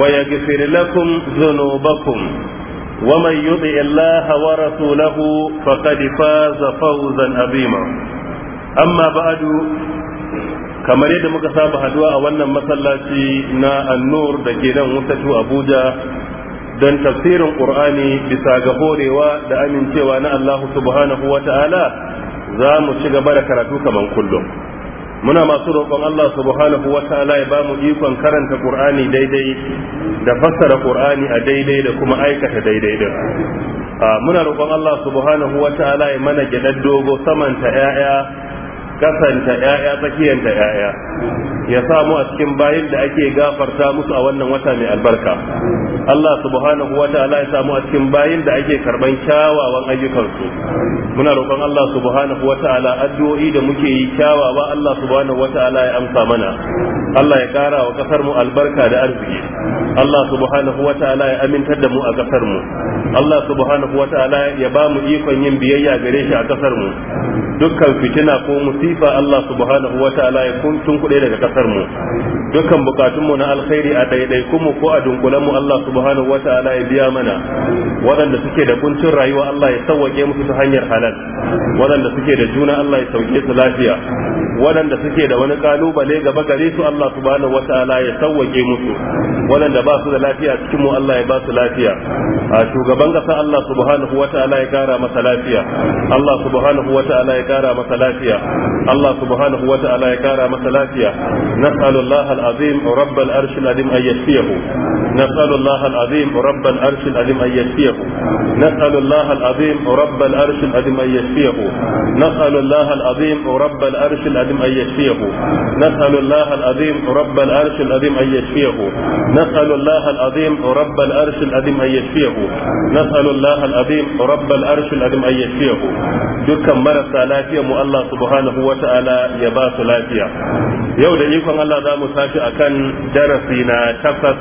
ويغفر لكم ذنوبكم ومن يطع الله ورسوله فقد فاز فوزا عظيما أما بعد kamar yadda muka saba haduwa a wannan masallaci na annur da gidan nan abuja don tafsirin ƙur'ani bisa ga horewa da amincewa na allahu subhanahu wa ta'ala za mu ci gaba da karatu kamar kullum muna masu roƙon Allah subhanahu wa ta'ala ya bamu ikon karanta Qur'ani daidai da fassara Qur'ani a daidai da kuma aikata daidai din muna roƙon Allah subhanahu wa ta'ala ya mana gidan dogo samanta ƴaƴa, kasanta ƴaƴa, tsakiyanta ƴaƴa. ya samu a cikin bayin da ake gafarta musu a wannan wata mai albarka Allah subhanahu wa ta'ala ya samu a cikin bayin da ake karban kyawawan ayyukansu muna roƙon Allah subhanahu wa ta'ala addu'o'i da muke yi kyawawa Allah subhanahu wa ta'ala ya amsa mana Allah ya ƙara wa ƙasar mu albarka da arziki Allah subhanahu wa ta'ala ya amintar da mu a ƙasar mu Allah subhanahu wa ta'ala ya ba mu ikon yin biyayya gare shi a ƙasar mu dukkan fitina ko musiba Allah subhanahu wa ta'ala ya kun tun kuɗe daga ƙasar kasar mu dukkan bukatun mu na alkhairi a ɗaiɗaikun mu ko a dunkulen mu Allah subhanahu wata'ala ya biya mana waɗanda suke da kuncin rayuwa Allah ya sauwake musu ta hanyar halal waɗanda suke da juna Allah ya sauke su lafiya waɗanda suke da wani kalubale gaba gare su Allah subhanahu wata'ala ya sauke musu waɗanda ba su da lafiya cikin mu Allah ya ba su lafiya a shugaban kasa Allah subhanahu wata'ala ya kara masa lafiya Allah subhanahu wata'ala ya kara masa lafiya Allah subhanahu wata'ala ya kara masa lafiya نسأل الله العظيم رب الأرش العظيم أن يشفيه نسأل الله العظيم رب الأرش العظيم أن يشفيه نسأل الله العظيم رب الأرش العظيم أن يشفيه نسأل الله العظيم رب الأرش العظيم أن يشفيه نسأل الله العظيم رب الأرش العظيم أن يشفيه نسأل الله العظيم رب الأرش العظيم أن يشفيه نسأل الله العظيم رب الأرش العظيم أن يشفيه dukkan مرسى لاتيا mu سبحانه وتعالى يباس لاتيا يوم ikon Allah za mu tashi kan darasi na takwas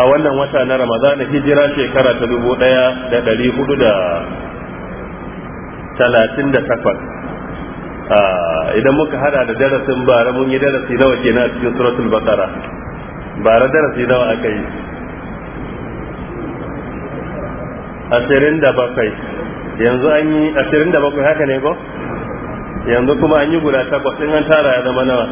a wannan wata na Ramadana hijira shekara ta dubu ɗaya da ɗari hudu da talatin da takwas idan muka hada da darasin bara mun yi darasi nawa ke na cikin suratul bakara bara darasi nawa aka yi ashirin da bakwai yanzu an yi ashirin da bakwai haka ne ko? yanzu kuma an yi guda takwas in an tara ya zama nawa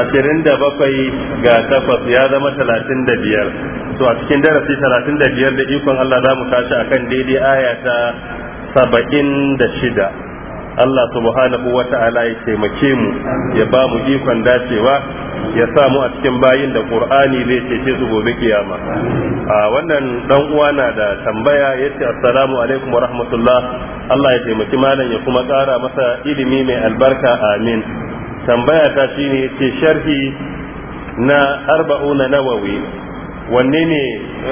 ashirin da bakwai ga takwas ya zama talatin da biyar to a cikin darasi talatin da biyar da ikon Allah za mu tashi akan daidai aya ta saba'in da shida Allah subhanahu wa ta'ala ya taimake mu ya ba mu ikon dacewa ya sa mu a cikin bayin da Qur'ani zai cece su gobe kiyama a wannan dan uwa na da tambaya yace assalamu alaikum wa rahmatullah Allah ya taimaki malam ya kuma ƙara masa ilimi mai albarka amin tambaya ta shine ce sharhi na arba'una nawawi wanne ne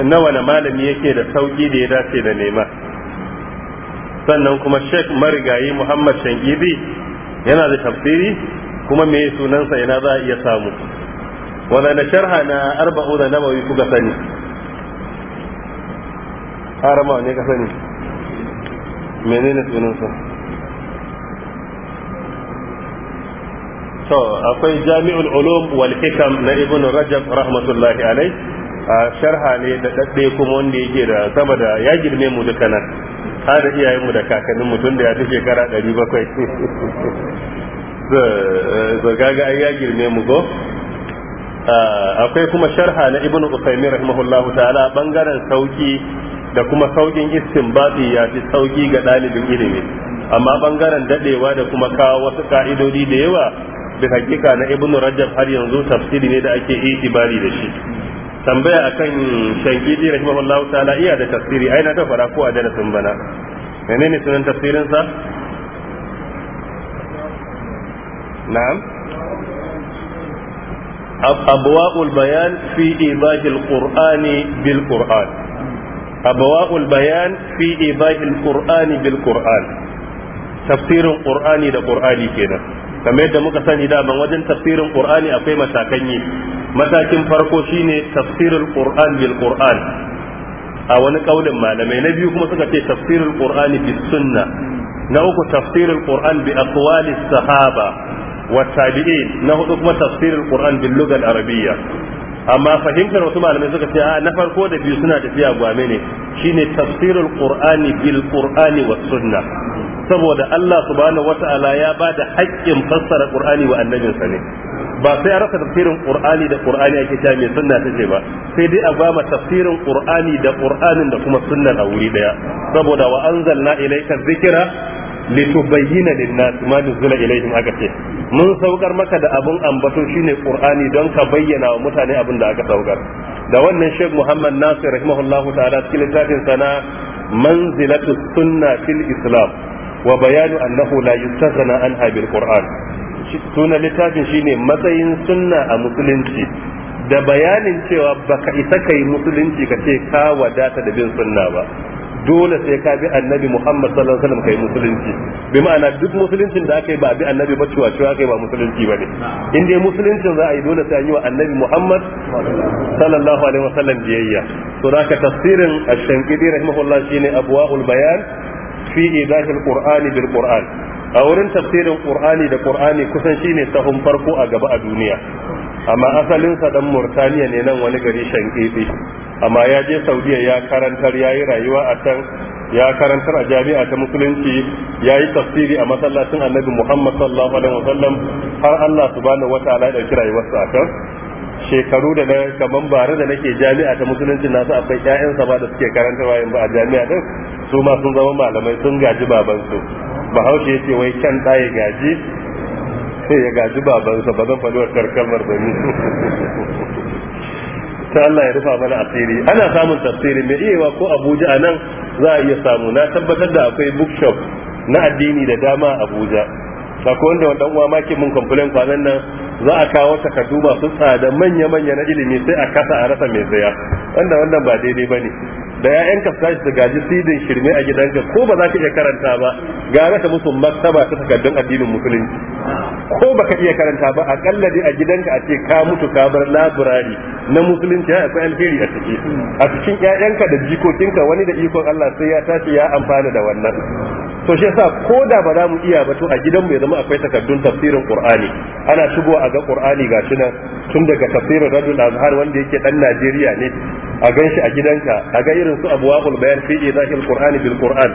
nawa na malami yake da sauki da ya dace da nema sannan kuma sheikh marigayi muhammad shangibi yana da tafsiri kuma me sunansa yana za a iya samu na sharha na arba'u da nabawi kuka sani harama ne ka sani menene sunansa to akwai jami'ul ulum wal hikam na ibn rajab rahmatullahi alai A sharha ne da ɗaɗɗe kuma wanda yake da saboda ya girme mu duka nan har da iyayenmu da kakannin mu tun da ya fi shekara ɗari bakwai ga-ga eh, ai ya girme mu go akwai kuma sharha na ibn usaimin rahimahullahu ta'ala bangaren sauki da kuma saukin istinbati ya fi sauki ga ɗalibin ilimi amma bangaren daɗewa da kuma kawo wasu ka'idodi da yawa da hakika na Ibnu rajab har yanzu tafsiri ne da ake itibari da shi tambaya akan shangidi rahimahullahu ta'ala iya da tafsiri aina ta fara ko a darasin bana menene sunan tafsirin sa na'am abwaul bayan fi ibahil qur'ani bil qur'an abwaul bayan fi ibahil qur'ani bil qur'an tafsirin qur'ani da qur'ani kenan kamar yadda muka sani da ban wajen tafsirin qur'ani akwai matakan yi matakin farko shine tafsirul qur'an bil qur'an a wani kaulin malamai na biyu kuma suka ce tafsirul qur'ani bis sunna na uku tafsirul qur'an bi aqwali sahaba wa tabi'in na hudu kuma tafsirul qur'an bil lugar arabiyya amma fahimtar wasu malamai suka ce a na farko da biyu suna tafiya gwame ne shine tafsirul qur'ani bil qur'ani was sunna saboda Allah subhanahu wata'ala ya ba da haƙƙin fassara qur'ani wa annabinsa ne ba sai a rasa tafsirin qur'ani da qur'ani ake ta mai sunna tace ba sai dai a ba ma tafsirin qur'ani da qur'anin da kuma sunnan a wuri daya saboda wa anzalna ilayka dhikra litubayyana lin-nas ma nuzila ilaihim aka ce mun saukar maka da abun ambato shine qur'ani don ka bayyana wa mutane abin da aka saukar da wannan Sheikh Muhammad Nasir rahimahullahu ta'ala cikin littafin sana manzilatu sunna fil islam wa bayanu annahu la yustaghna anha bil qur'an sunna littafin shine matsayin sunna a musulunci da bayanin cewa baka isa kai musulunci ka ce ka wadata da bin sunna ba dole sai ka bi annabi Muhammad sallallahu alaihi wasallam kai musulunci bi ma'ana duk musuluncin da aka yi ba bi annabi ba cewa cewa kai ba musulunci ba ne in dai musuluncin za a yi dole sai an yi wa annabi Muhammad sallallahu alaihi wasallam biyayya to da ka tafsirin ash-shankidi rahimahullah shine abwaul bayan fi idahil qur'ani bil qur'an a wurin tafsirin qur'ani da qur'ani kusan shine sahun farko a gaba a duniya amma asalin dan murtaniya ne nan wani gari shankidi amma ya je saudiya ya karantar ya yi rayuwa a can ya karantar a jami'a ta musulunci ya yi tafsiri a masallacin annabi muhammad sallallahu alaihi wasallam har allah subhanahu wataala ya dauki rayuwarsa a can shekaru da na kaman bare da nake jami'a ta musulunci nasu akwai ƴaƴansa ba da suke karanta wayan ba a jami'a din su ma sun zama malamai sun gaji babansu bahaushe ya ce wai can ɗaya gaji sai ya gaji babansa ba zan faɗi wa kalmar ba ni sai Allah ya rufa mana asiri ana samun tafsiri mai iyawa ko Abuja a nan za a iya samu na tabbatar da akwai bookshop na addini da dama a Abuja sako wanda wanda uwa ma ke mun complain kwanan nan za a kawo takardu masu tsada manya manya na ilimi sai a kasa a rasa mai tsaya wanda wannan ba daidai bane da ƴaƴan ka tashi su gaji sidin shirme a gidanka ko ba za ka iya karanta ba gara ka musu maktaba ta takardun addinin musulunci ko ba ka iya karanta ba akalla dai a gidanka a ce ka mutu ka bar laburari na musulunci ya akwai alheri a ciki a cikin ya'yanka da jikokinka wani da ikon Allah sai ya tashi ya amfana da wannan to shi yasa ko da ba za mu iya ba to a gidanmu ya zama akwai takardun tafsirin Qur'ani ana shigowa a ga Qur'ani gashi nan tun daga tafsirin Radul Azhar wanda yake dan Najeriya ne a gan shi a gidanka a ga irin su abwaqul bayan fi idahil qur'ani bil qur'an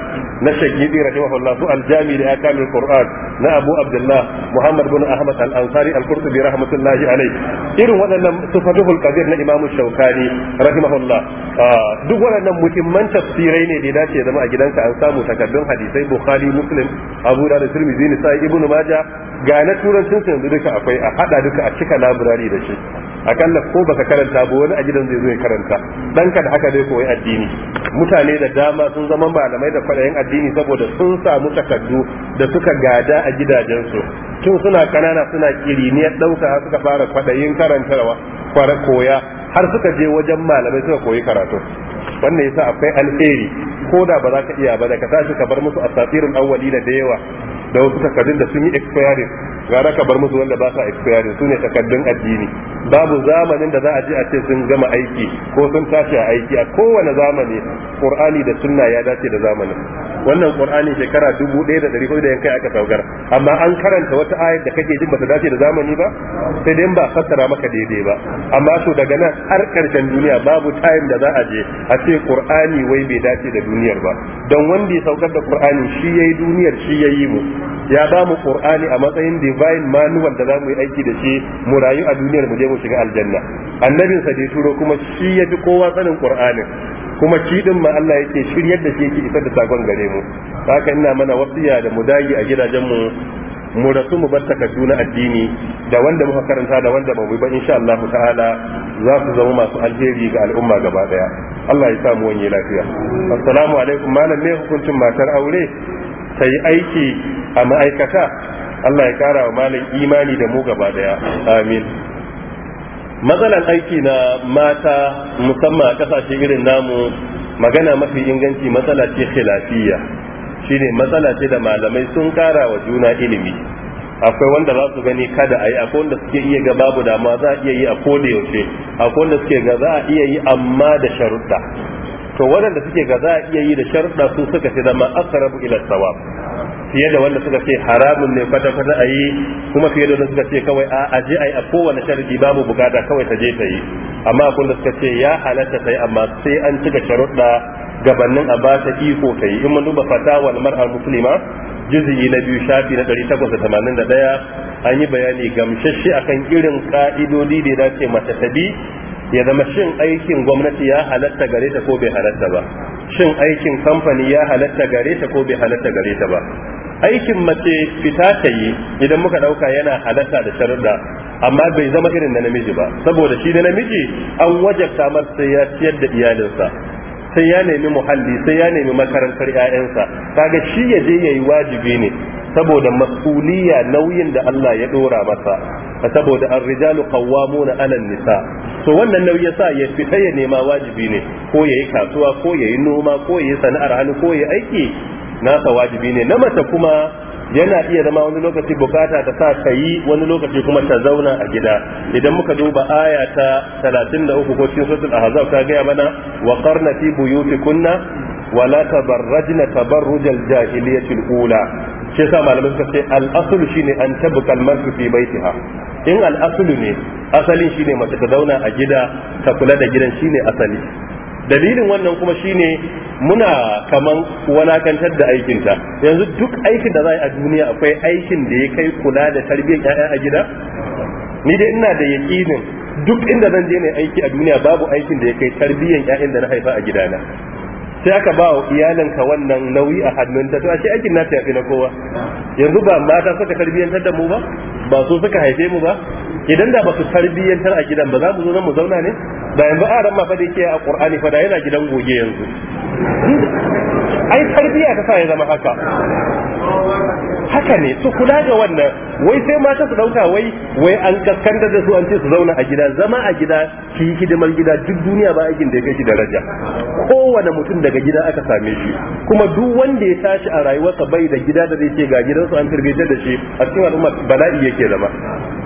na shaykh rahimahullah su al-jami da akamil qur'an na abu abdullah muhammad bin ahmad al-ansari al-qurtubi rahmatullahi alayhi. irin waɗannan sufatuhul qadir na Imam shaukani rahimahullah duk waɗannan muhimman tafsirai ne da dace zama a gidanka an samu takaddun hadisai bukhari muslim abu da tirmidhi nisai ibnu majah ga na turancin yanzu duka akwai a hada duka a cika laburari da shi akalla ko baka karanta ba wani a gidan zai zo ya karanta danka da haka zai koyi addini mutane da dama sun zama malamai da fadayin addini saboda sun samu takaddu da suka gada a gidajensu tun suna kanana suna kiriniyar ɗauka suka fara karanta karantarwa fara koya har suka je wajen malamai suka koyi karatu wannan yasa akwai alheri ko da ba za ka iya ba da ka tashi ka bar musu asatirul awwali da yawa da wasu takaddun da sun yi expiring gara ka bar musu wanda ba sa expiring su ne takaddun addini babu zamanin da za a je a ce sun gama aiki ko sun tashi a aiki a kowane zamani qur'ani da sunna ya dace da zamanin wannan qur'ani shekara 1400 da yanka aka saukar amma an karanta wata ayar da kake jin bata dace da zamani ba sai dai ba fassara maka daidai ba amma so daga nan har karshen duniya babu time da za a je a ce qur'ani wai bai dace da duniyar ba don wanda ya saukar da qur'ani shi yayi duniyar shi yayi mu ya ba mu qur'ani a matsayin divine manual da za mu yi aiki da shi mu rayu a duniyar mu je mu shiga aljanna sa da ya turo kuma shi ya fi kowa sanin qur'anin kuma shi ɗin ma Allah yake shiryar da shi yake isar da sakon gare mu haka ina mana wasiya da mu dage a gidajen mu mu rasu mu bar takardu addini da wanda muka karanta da wanda ba mu ba insha Allah ta'ala za su zama masu alheri ga al'umma gaba daya Allah ya sa mu wani lafiya assalamu alaikum malam me hukuncin matar aure ta aiki a ma'aikata Allah ya kara wa malam imani da mu gaba daya amin matsalan aiki na mata musamman a kasashe irin namu magana mafi inganci matsala ce khilafiyya shine matsala ce da malamai sun kara wa juna ilimi akwai wanda za su gani kada a yi akwai wanda suke iya ga babu dama za a iya yi a koda yaushe akwai wanda suke ga za a iya yi amma da sharuɗa to waɗanda suke ga za a iya yi da sharuɗa su suka fi zama aqrabu ila sawab fiye da wanda suka ce haramun ne kwata kwata a yi kuma fiye da wanda suka ce kawai a aje a a kowane sharadi babu bukata kawai ta je ta yi amma akwai da suka ce ya halatta ta yi amma sai an cika sharuɗa gabanin a ba ta iko ta yi in mun duba fatawal mar'al muslima juz'i na biyu shafi na 881 an yi bayani gamshashe akan irin ka'idodi da ya dace mace ta bi ya zama shin aikin gwamnati ya halatta gare ta ko bai halatta ba shin aikin kamfani ya halatta gare ta ko bai halatta gare ta ba aikin mace fita ta yi idan muka dauka yana halatta da sharuɗa amma bai zama irin na namiji ba saboda shi da namiji an wajabta mar sai ya ciyar da iyalinsa sai ya nemi muhalli sai ya nemi makarantar 'ya'yansa kaga shi ya je yayi wajibi ne saboda mas'uliya nauyin da Allah ya dora masa saboda an rijalu qawwamuna anan nisa to wannan nauyi yasa ya fita ya nema wajibi ne ko yayi kasuwa ko yayi noma ko yayi sana'ar hannu ko yayi aiki nasa wajibi ne na mata kuma yana iya zama wani lokaci bukata ta sa ka yi wani lokaci kuma ta zauna a gida idan muka duba aya ta 33 ko cikin suratul ahzab ta gaya mana wa qarna fi buyutikunna wa la tabarrajna tabarrujal jahiliyatil ula shi yasa malamai suka ce al-aslu shine an tabqa al-mar'u fi baitiha in al-aslu ne asalin shine mace ta zauna a gida ta kula da gidan shine asali dalilin wannan kuma shine muna kaman kantar da aikinta yanzu duk aikin da za a duniya akwai aikin da ya kai kula da tarbiyyar 'ya'ya a gida ni dai ina da yakinin duk inda zan je ne aiki a duniya babu aikin da ya kai tarbiyyar 'ya'yan da na haifa a gidana sai aka ba wa iyalinka wannan nauyi a hannun ta to ashe aikin nata yafi na kowa yanzu ba mata suka tarbiyyantar da mu ba ba su suka haife mu ba idan da ba su tarbiyyantar a gidan ba za mu zo mu zauna ne bayan ba aran ma fa da yake a qur'ani fa da yana gidan goge yanzu ai tarbiya ta sa ya zama haka haka ne su kula ga wannan wai sai mata su dauka wai wai an kaskanta da su an ce su zauna a gida zama a gida ki yi hidimar gida duk duniya ba aikin da ya kai daraja kowane mutum daga gida aka same shi kuma duk wanda ya tashi a rayuwarsa bai da gida da zai ce ga gidansu an tarbiyyar da shi a cikin al'umma bala'i yake zama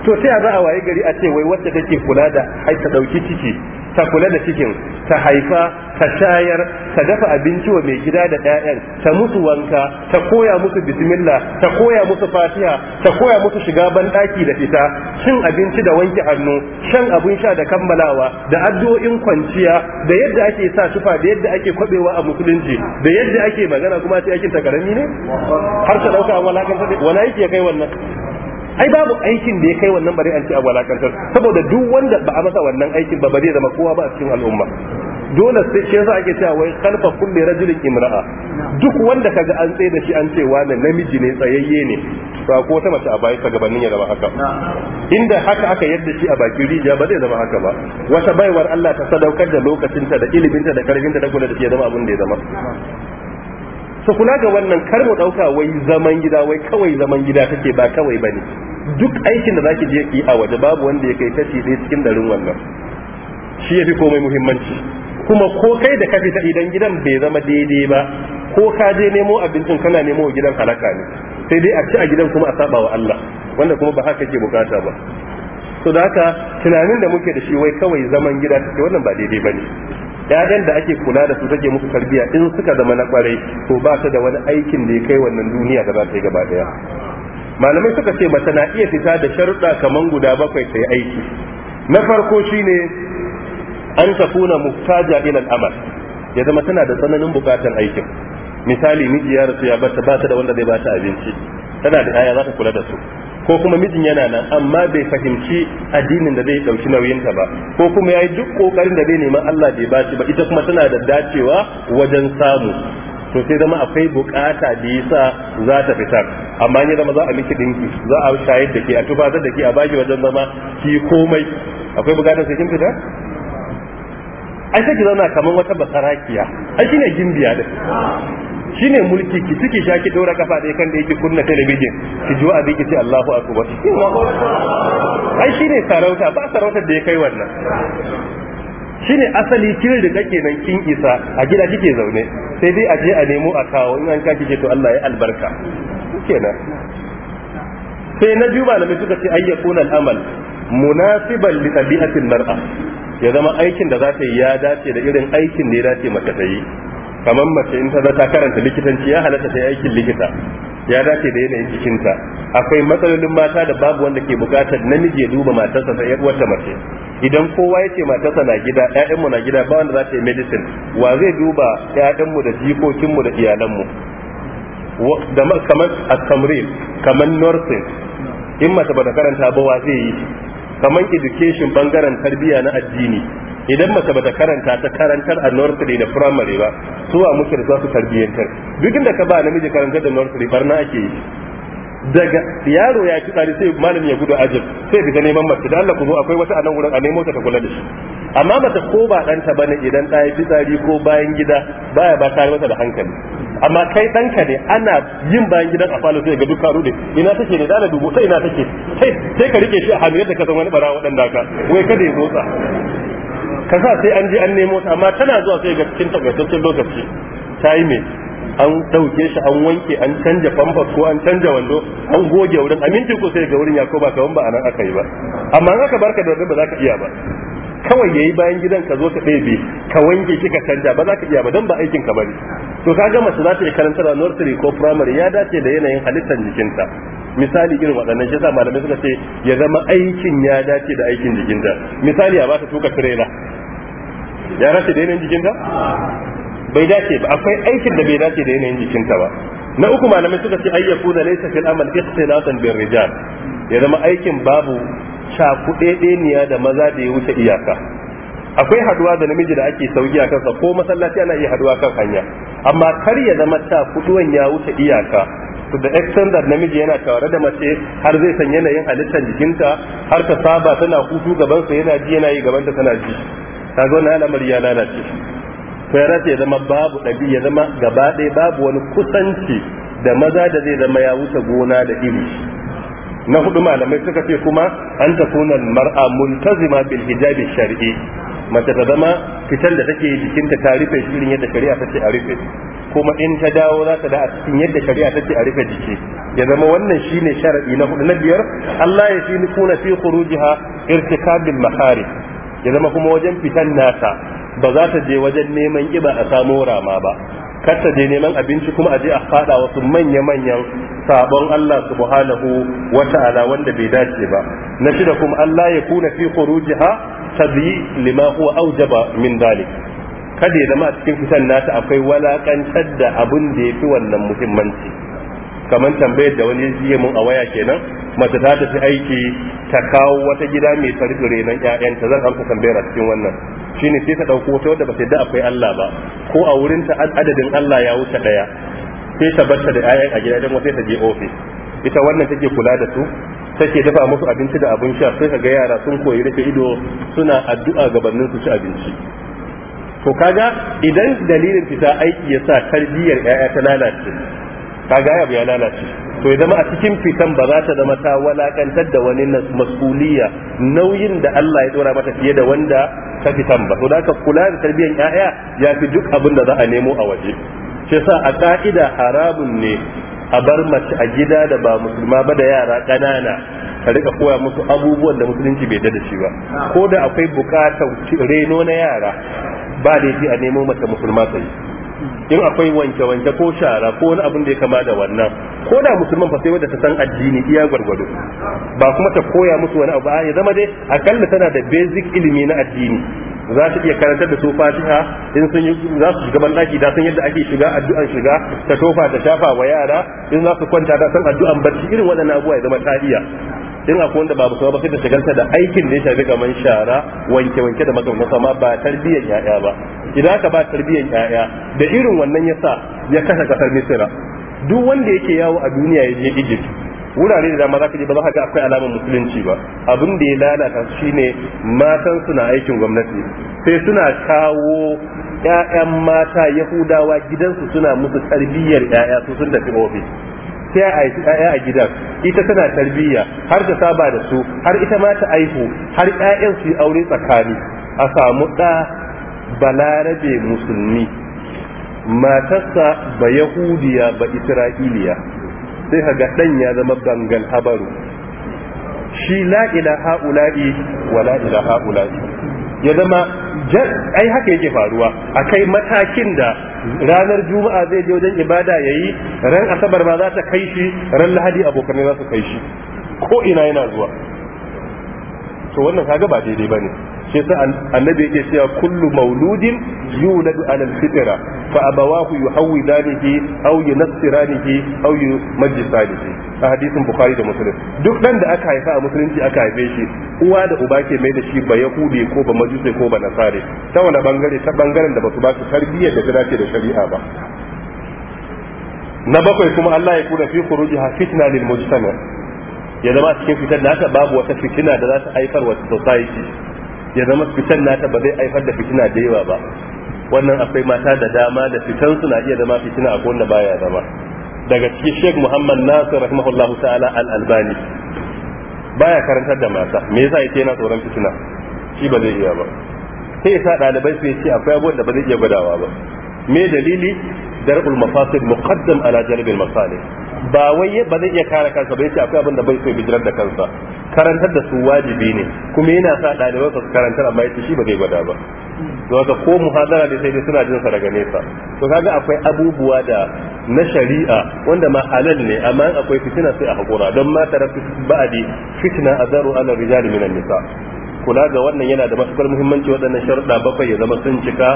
to sai a za a waye gari a ce wai wacce take kula da ai ta dauki ciki ta kula da cikin ta haifa ta shayar ta dafa abinci wa mai gida da ɗayan ta musu wanka ta koya musu bismillah ta koya musu fatiha ta koya musu shiga banɗaki da fita cin abinci da wanke hannu shan abin sha da kammalawa da addu'o'in kwanciya da yadda ake sa tufa da yadda ake kwabewa a musulunci da yadda ake magana kuma sai aikin ta ne har ta ɗauka an walakan wala yake kai wannan ai babu aikin da ya kai wannan bare an ce a walakantar saboda duk wanda ba a masa wannan aikin ba bari zama kowa ba a cikin al'umma dole sai shi yasa ake cewa wai kalfa kulli rajulin imra'a duk wanda kaga an tsaye da shi an ce wani namiji ne tsayayye ne ba ko ta mace a bayi ta gabanin ya zama haka inda haka aka yadda shi a bakin rijiya ba zai zama haka ba wata baiwar Allah ta sadaukar da lokacinta da iliminta da karfinta da kula da shi ya zama abin da ya zama su kula ga wannan kar mu dauka wai zaman gida wai kawai zaman gida take ba kawai bane duk aikin da zaki je ki a waje babu wanda ya kai kashi dai cikin darin wannan shi yafi komai muhimmanci kuma ko kai da ka fita idan gidan bai zama daidai ba ko ka je nemo abincin kana nemo gidan halaka ne sai dai a ci a gidan kuma a saba wa Allah wanda kuma ba haka ke bukata ba to da haka tunanin da muke da shi wai kawai zaman gida take wannan ba daidai bane ƴaƴan da ake kula da su take musu tarbiya in suka zama na kwarai to ba ta da wani aikin da ya kai wannan duniya da za ta yi gaba malamai suka ce mace na iya fita da sharuɗa kaman guda bakwai ta yi aiki na farko shine an tafuna muftaja ila al'amal ya zama tana da tsananin bukatan aikin misali miji ya rasu ya bata ba ta da wanda zai ta abinci tana da yaya za ta kula da su ko kuma mijin yana nan amma bai fahimci addinin da zai dauki nauyinta ba ko kuma yayi duk kokarin da zai neman Allah bai ba shi ba ita kuma tana da dacewa wajen samu to sai zama akwai bukata da yasa za ta fitar amma ya zama za a miki dinki za a shayar da ke a tufa da ke a baki wajen zama ki komai akwai bukata sai kin fita ai sai ki zauna kamar wata basarakiya ai shine gimbiya da shine mulki ki ciki sha ki kafa da kan da yake kunna talabijin ki jo abi ki ce Allahu akbar ai shine sarauta ba sarautar da ya kai wannan shine asali da kake kenan kin isa a gida kike zaune sai dai aje a nemo a kawo in an ka kike to Allah ya albarka kenan sai na biyu malamai suka ce ayyakun al'amal munasiban li tabi'atil mar'a ya zama aikin da za ta yi ya dace da irin aikin da ya dace mace ta yi kamar mace in ta zata karanta likitanci ya halatta ta yi aikin likita ya dace da yanayin cikinta akwai matsalolin mata da babu wanda ke bukatar namiji ya duba matarsa sai ya wata mace idan kowa ya ce matarsa na gida ƴaƴanmu na gida ba wanda za ta yi medicine wa zai duba ƴaƴanmu da jikokinmu da iyalanmu kamar a akamril kamar nursing in mace ba ta karanta ba wa zai yi kamar education bangaren tarbiyya na addini idan mace bata karanta ta karantar a nursery da primary ba su a muke za su tarbiyyantar duk da ka ba namiji karantar da nursery barna ake yi daga yaro ya ki tsari sai malami ya gudu ajin sai fita neman mace da Allah ku zo akwai wata a nan wurin a nemo ta kula da shi amma mace ko ba ba bane idan ta yi fitsari ko bayan gida baya ba tare masa da hankali amma kai danka ne ana yin bayan gidan a falo sai ga duk karu ne ina take ne dala dubu sai ina take sai sai ka rike shi a hannu yadda ka san wani bara waɗanda ka wai kada ya motsa ka sa sai an je an nemo ta amma tana zuwa sai ga cikin takaitaccen lokaci ta yi mai an dauke shi an wanke an canja famfa ko an canja wando an goge wurin aminci ko sai ga wurin ya ba kawan ba anan aka yi ba amma in aka barka da wurin ba za ka iya ba kawai yayi bayan gidan ka zo ka ɗebe ka wanke shi ka canja ba za ka iya ba dan ba aikin ka bane to kaga mace za ta yi karantar nursery ko primary ya dace da yanayin halittar jikinta misali irin waɗannan shi yasa malamai suka ce ya zama aikin ya dace da aikin jikinta misali a baka tuka tirela ya dace da yanayin jikinta bai dace ba akwai aikin da bai dace da yanayin jikinta ba na uku malamai suka ce ayyafu da laysa fil amal ikhtilatan bin rijal ya zama aikin babu cakuɗeɗeniya da maza da ya wuce iyaka akwai haduwa da namiji da ake sauki a kansa ko masallaci ana iya haduwa kan hanya amma kar ya zama ta kuduwan ya wuce iyaka to da namiji yana tare da mace har zai san yanayin halittar jikinta har ta saba tana hutu gaban sa yana ji yana yi gaban ta tana ji kaga wannan alamar ya lalace to ya race ya zama babu dabi ya zama gaba ɗaya babu wani kusanci da maza da zai zama ya wuce gona da iri na hudu malamai suka ce kuma an sunan mar'a multazima bil hijabi shar'i mace ta zama fitan da take jikinta ta rufe shi irin yadda shari'a ta ce a rufe kuma in ta dawo za ta da a cikin yadda shari'a ta ce a rufe jiki ya zama wannan shine sharadi na hudu na biyar Allah ya fi kuna fi khurujiha irtikabil mahari ya zama kuma wajen fitan nata ba za ta je wajen neman kiba a samo rama ba kar ta je neman abinci kuma a je a fada wasu manya-manyan sabon Allah subhanahu wa ta'ala wanda bai dace ba na shida kuma Allah ya kuna fi khurujiha tabi lima huwa aujaba min dalik kada ya zama a cikin fitan nata akwai walakantar da abin da yafi wannan muhimmanci kamar tambayar da wani jiya mun a waya kenan mace ta tafi aiki ta kawo wata gida mai farfure nan ƴaƴanta zan amsa tambayar a cikin wannan shine sai ta ɗauko wata wadda ba ta da akwai Allah ba ko a wurin ta adadin Allah ya wuce ɗaya sai ta barta da ƴaƴan a gida dan wata ta je ofis. ita wannan take kula da su take dafa musu abinci da abin sha sai ga yara sun koyi rufe ido suna addu'a gabanin su ci abinci to kaga idan dalilin fita aiki ya sa tarbiyyar ƴaƴa ta lalace kaga ya lalace to idan zama a cikin fitan ba za ta zama ta walakantar da wani mas'uliya nauyin da Allah ya dora mata fiye da wanda ta fitan ba to da kula da tarbiyyar 'ya'ya ya fi duk abin da za a nemo a waje shi yasa a ka'ida haramun ne a bar mace a gida da ba musulma ba da yara ƙanana ka rika koya musu abubuwan da musulunci bai da shi ba ko da akwai bukatar reno na yara ba da a nemo mace musulma sai in akwai wanke-wanke ko shara ko wani abin da ya kama da wannan ko da musulman fa sai wadda ta san addini iya gwargwado ba kuma ta koya musu wani abu ya zama dai akalla tana da basic ilimi na addini za su iya karantar da su fatiha in sun za su shiga banɗaki da san yadda ake shiga addu'an shiga ta tofa ta shafa wa yara in za su kwanta da san addu'an barci irin waɗannan abuwa ya zama ta iya in akwai wanda babu sama ba sai ta da aikin da ya shafi kamar shara wanke wanke da makamanta sama ba tarbiyyar yaya ba idan aka ba tarbiyyar yaya da irin wannan yasa ya kasa kasar misira duk wanda yake yawo a duniya ya je egypt wurare da dama za ka je ba za ka ga akwai alamar musulunci ba abin da ya lalata shine matan suna aikin gwamnati sai suna kawo 'ya'yan mata yahudawa gidansu suna musu tarbiyyar 'ya'ya su sun tafi ofis sai a haifi ƴaƴa a gidan ita tana tarbiyya har ta saba da su har ita ma ta aihu har ƴaƴan su yi aure tsakani a samu ɗa balarabe musulmi matarsa ba yahudiya ba isra'iliya sai haga ɗan ya zama bangal habaru shi la ila ha'ula'i wa la ila ha'ula'i ya zama ai haka yake faruwa akai matakin da ranar juma'a zai je wajen ibada yayi ran asabar ma za ta kai shi ran lahadi abokanai za su kai shi ko ina yana zuwa to wannan kaga ba daidai bane shi yasa annabi yake cewa kullu mauludin yuladu ala alfitra fa abawahu yuhawwidanihi aw yunassiranihi aw yumajjisanihi a hadisin bukhari da muslim duk dan da aka haifa a musulunci aka haife shi uwa da uba ke mai da shi ba yahudi ko ba majusi ko ba nasare ta wani bangare ta bangaren da basu ba su tarbiyyar da ta dace da shari'a ba na bakwai kuma Allah ya kura fi khurujiha fitna lil mujtama ya zama cikin fitar da aka babu wata fitina da za ta aikar wa society ya zama fitan nata ba zai haifar da fitina da yawa ba wannan akwai mata da dama da fitan suna iya zama fitina a wanda baya zama daga cikin Sheikh Muhammad Nasir rahimahullah ta'ala al-Albani baya karantar da mata me yasa yake yana tsoron fitina shi ba zai iya ba sai ya sa dalibai su ce akwai abubuwan da ba zai iya gudawa ba me dalili dar mafasid muqaddam ala jalbil masalih ba wai ba zai iya kare kansa ba ce akwai abin da bai so bijirar da kansa karantar da su wajibi ne kuma yana sa ɗalibai su karantar amma yace shi ba zai gwada ba don haka ko muhadara da sai dai suna jin sa daga nesa to kaga akwai abubuwa da na shari'a wanda ma halal ne amma akwai fitina sai a hakura don ma tarafi ba'adi fitna azaru ala rijali minan nisa kula ga wannan yana da matukar muhimmanci waɗannan sharuɗa bakwai ya zama sun cika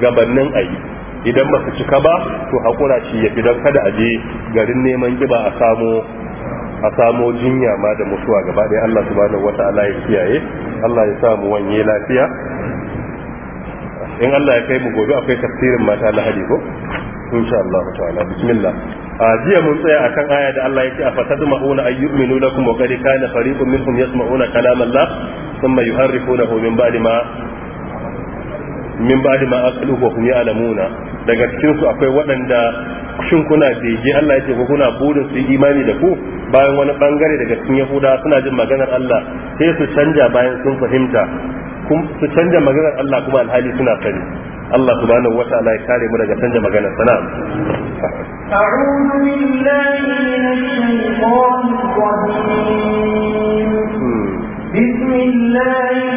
gabannin ayi idan ba su cika ba to haƙura shi ya fi don kada a je garin neman giba a samo a samo jinya ma da mutuwa gaba ɗaya Allah subhanahu ta'ala ya kiyaye Allah ya samu wanye lafiya in Allah ya kai mu gobe akwai tafsirin mata lahadi ko insha Allah ta'ala bismillah a jiya mun tsaya akan aya da Allah yake a fatad ma'una ayyuminu lakum wa qad kana fariqun minhum yasma'una kalam Allah thumma yuharrifunahu min ba'di ma min ba'di ma aqluhu wa hum ya'lamuna daga cikin su akwai waɗanda shin kuna bege Allah ya ce ko kuna burin su imani da ku bayan wani bangare daga cikin Yahuda suna jin maganar Allah sai su canja bayan sun fahimta su canja maganar Allah kuma alhali suna sani Allah subhanahu wata'ala ya kare mu daga canja maganar sana أعوذ billahi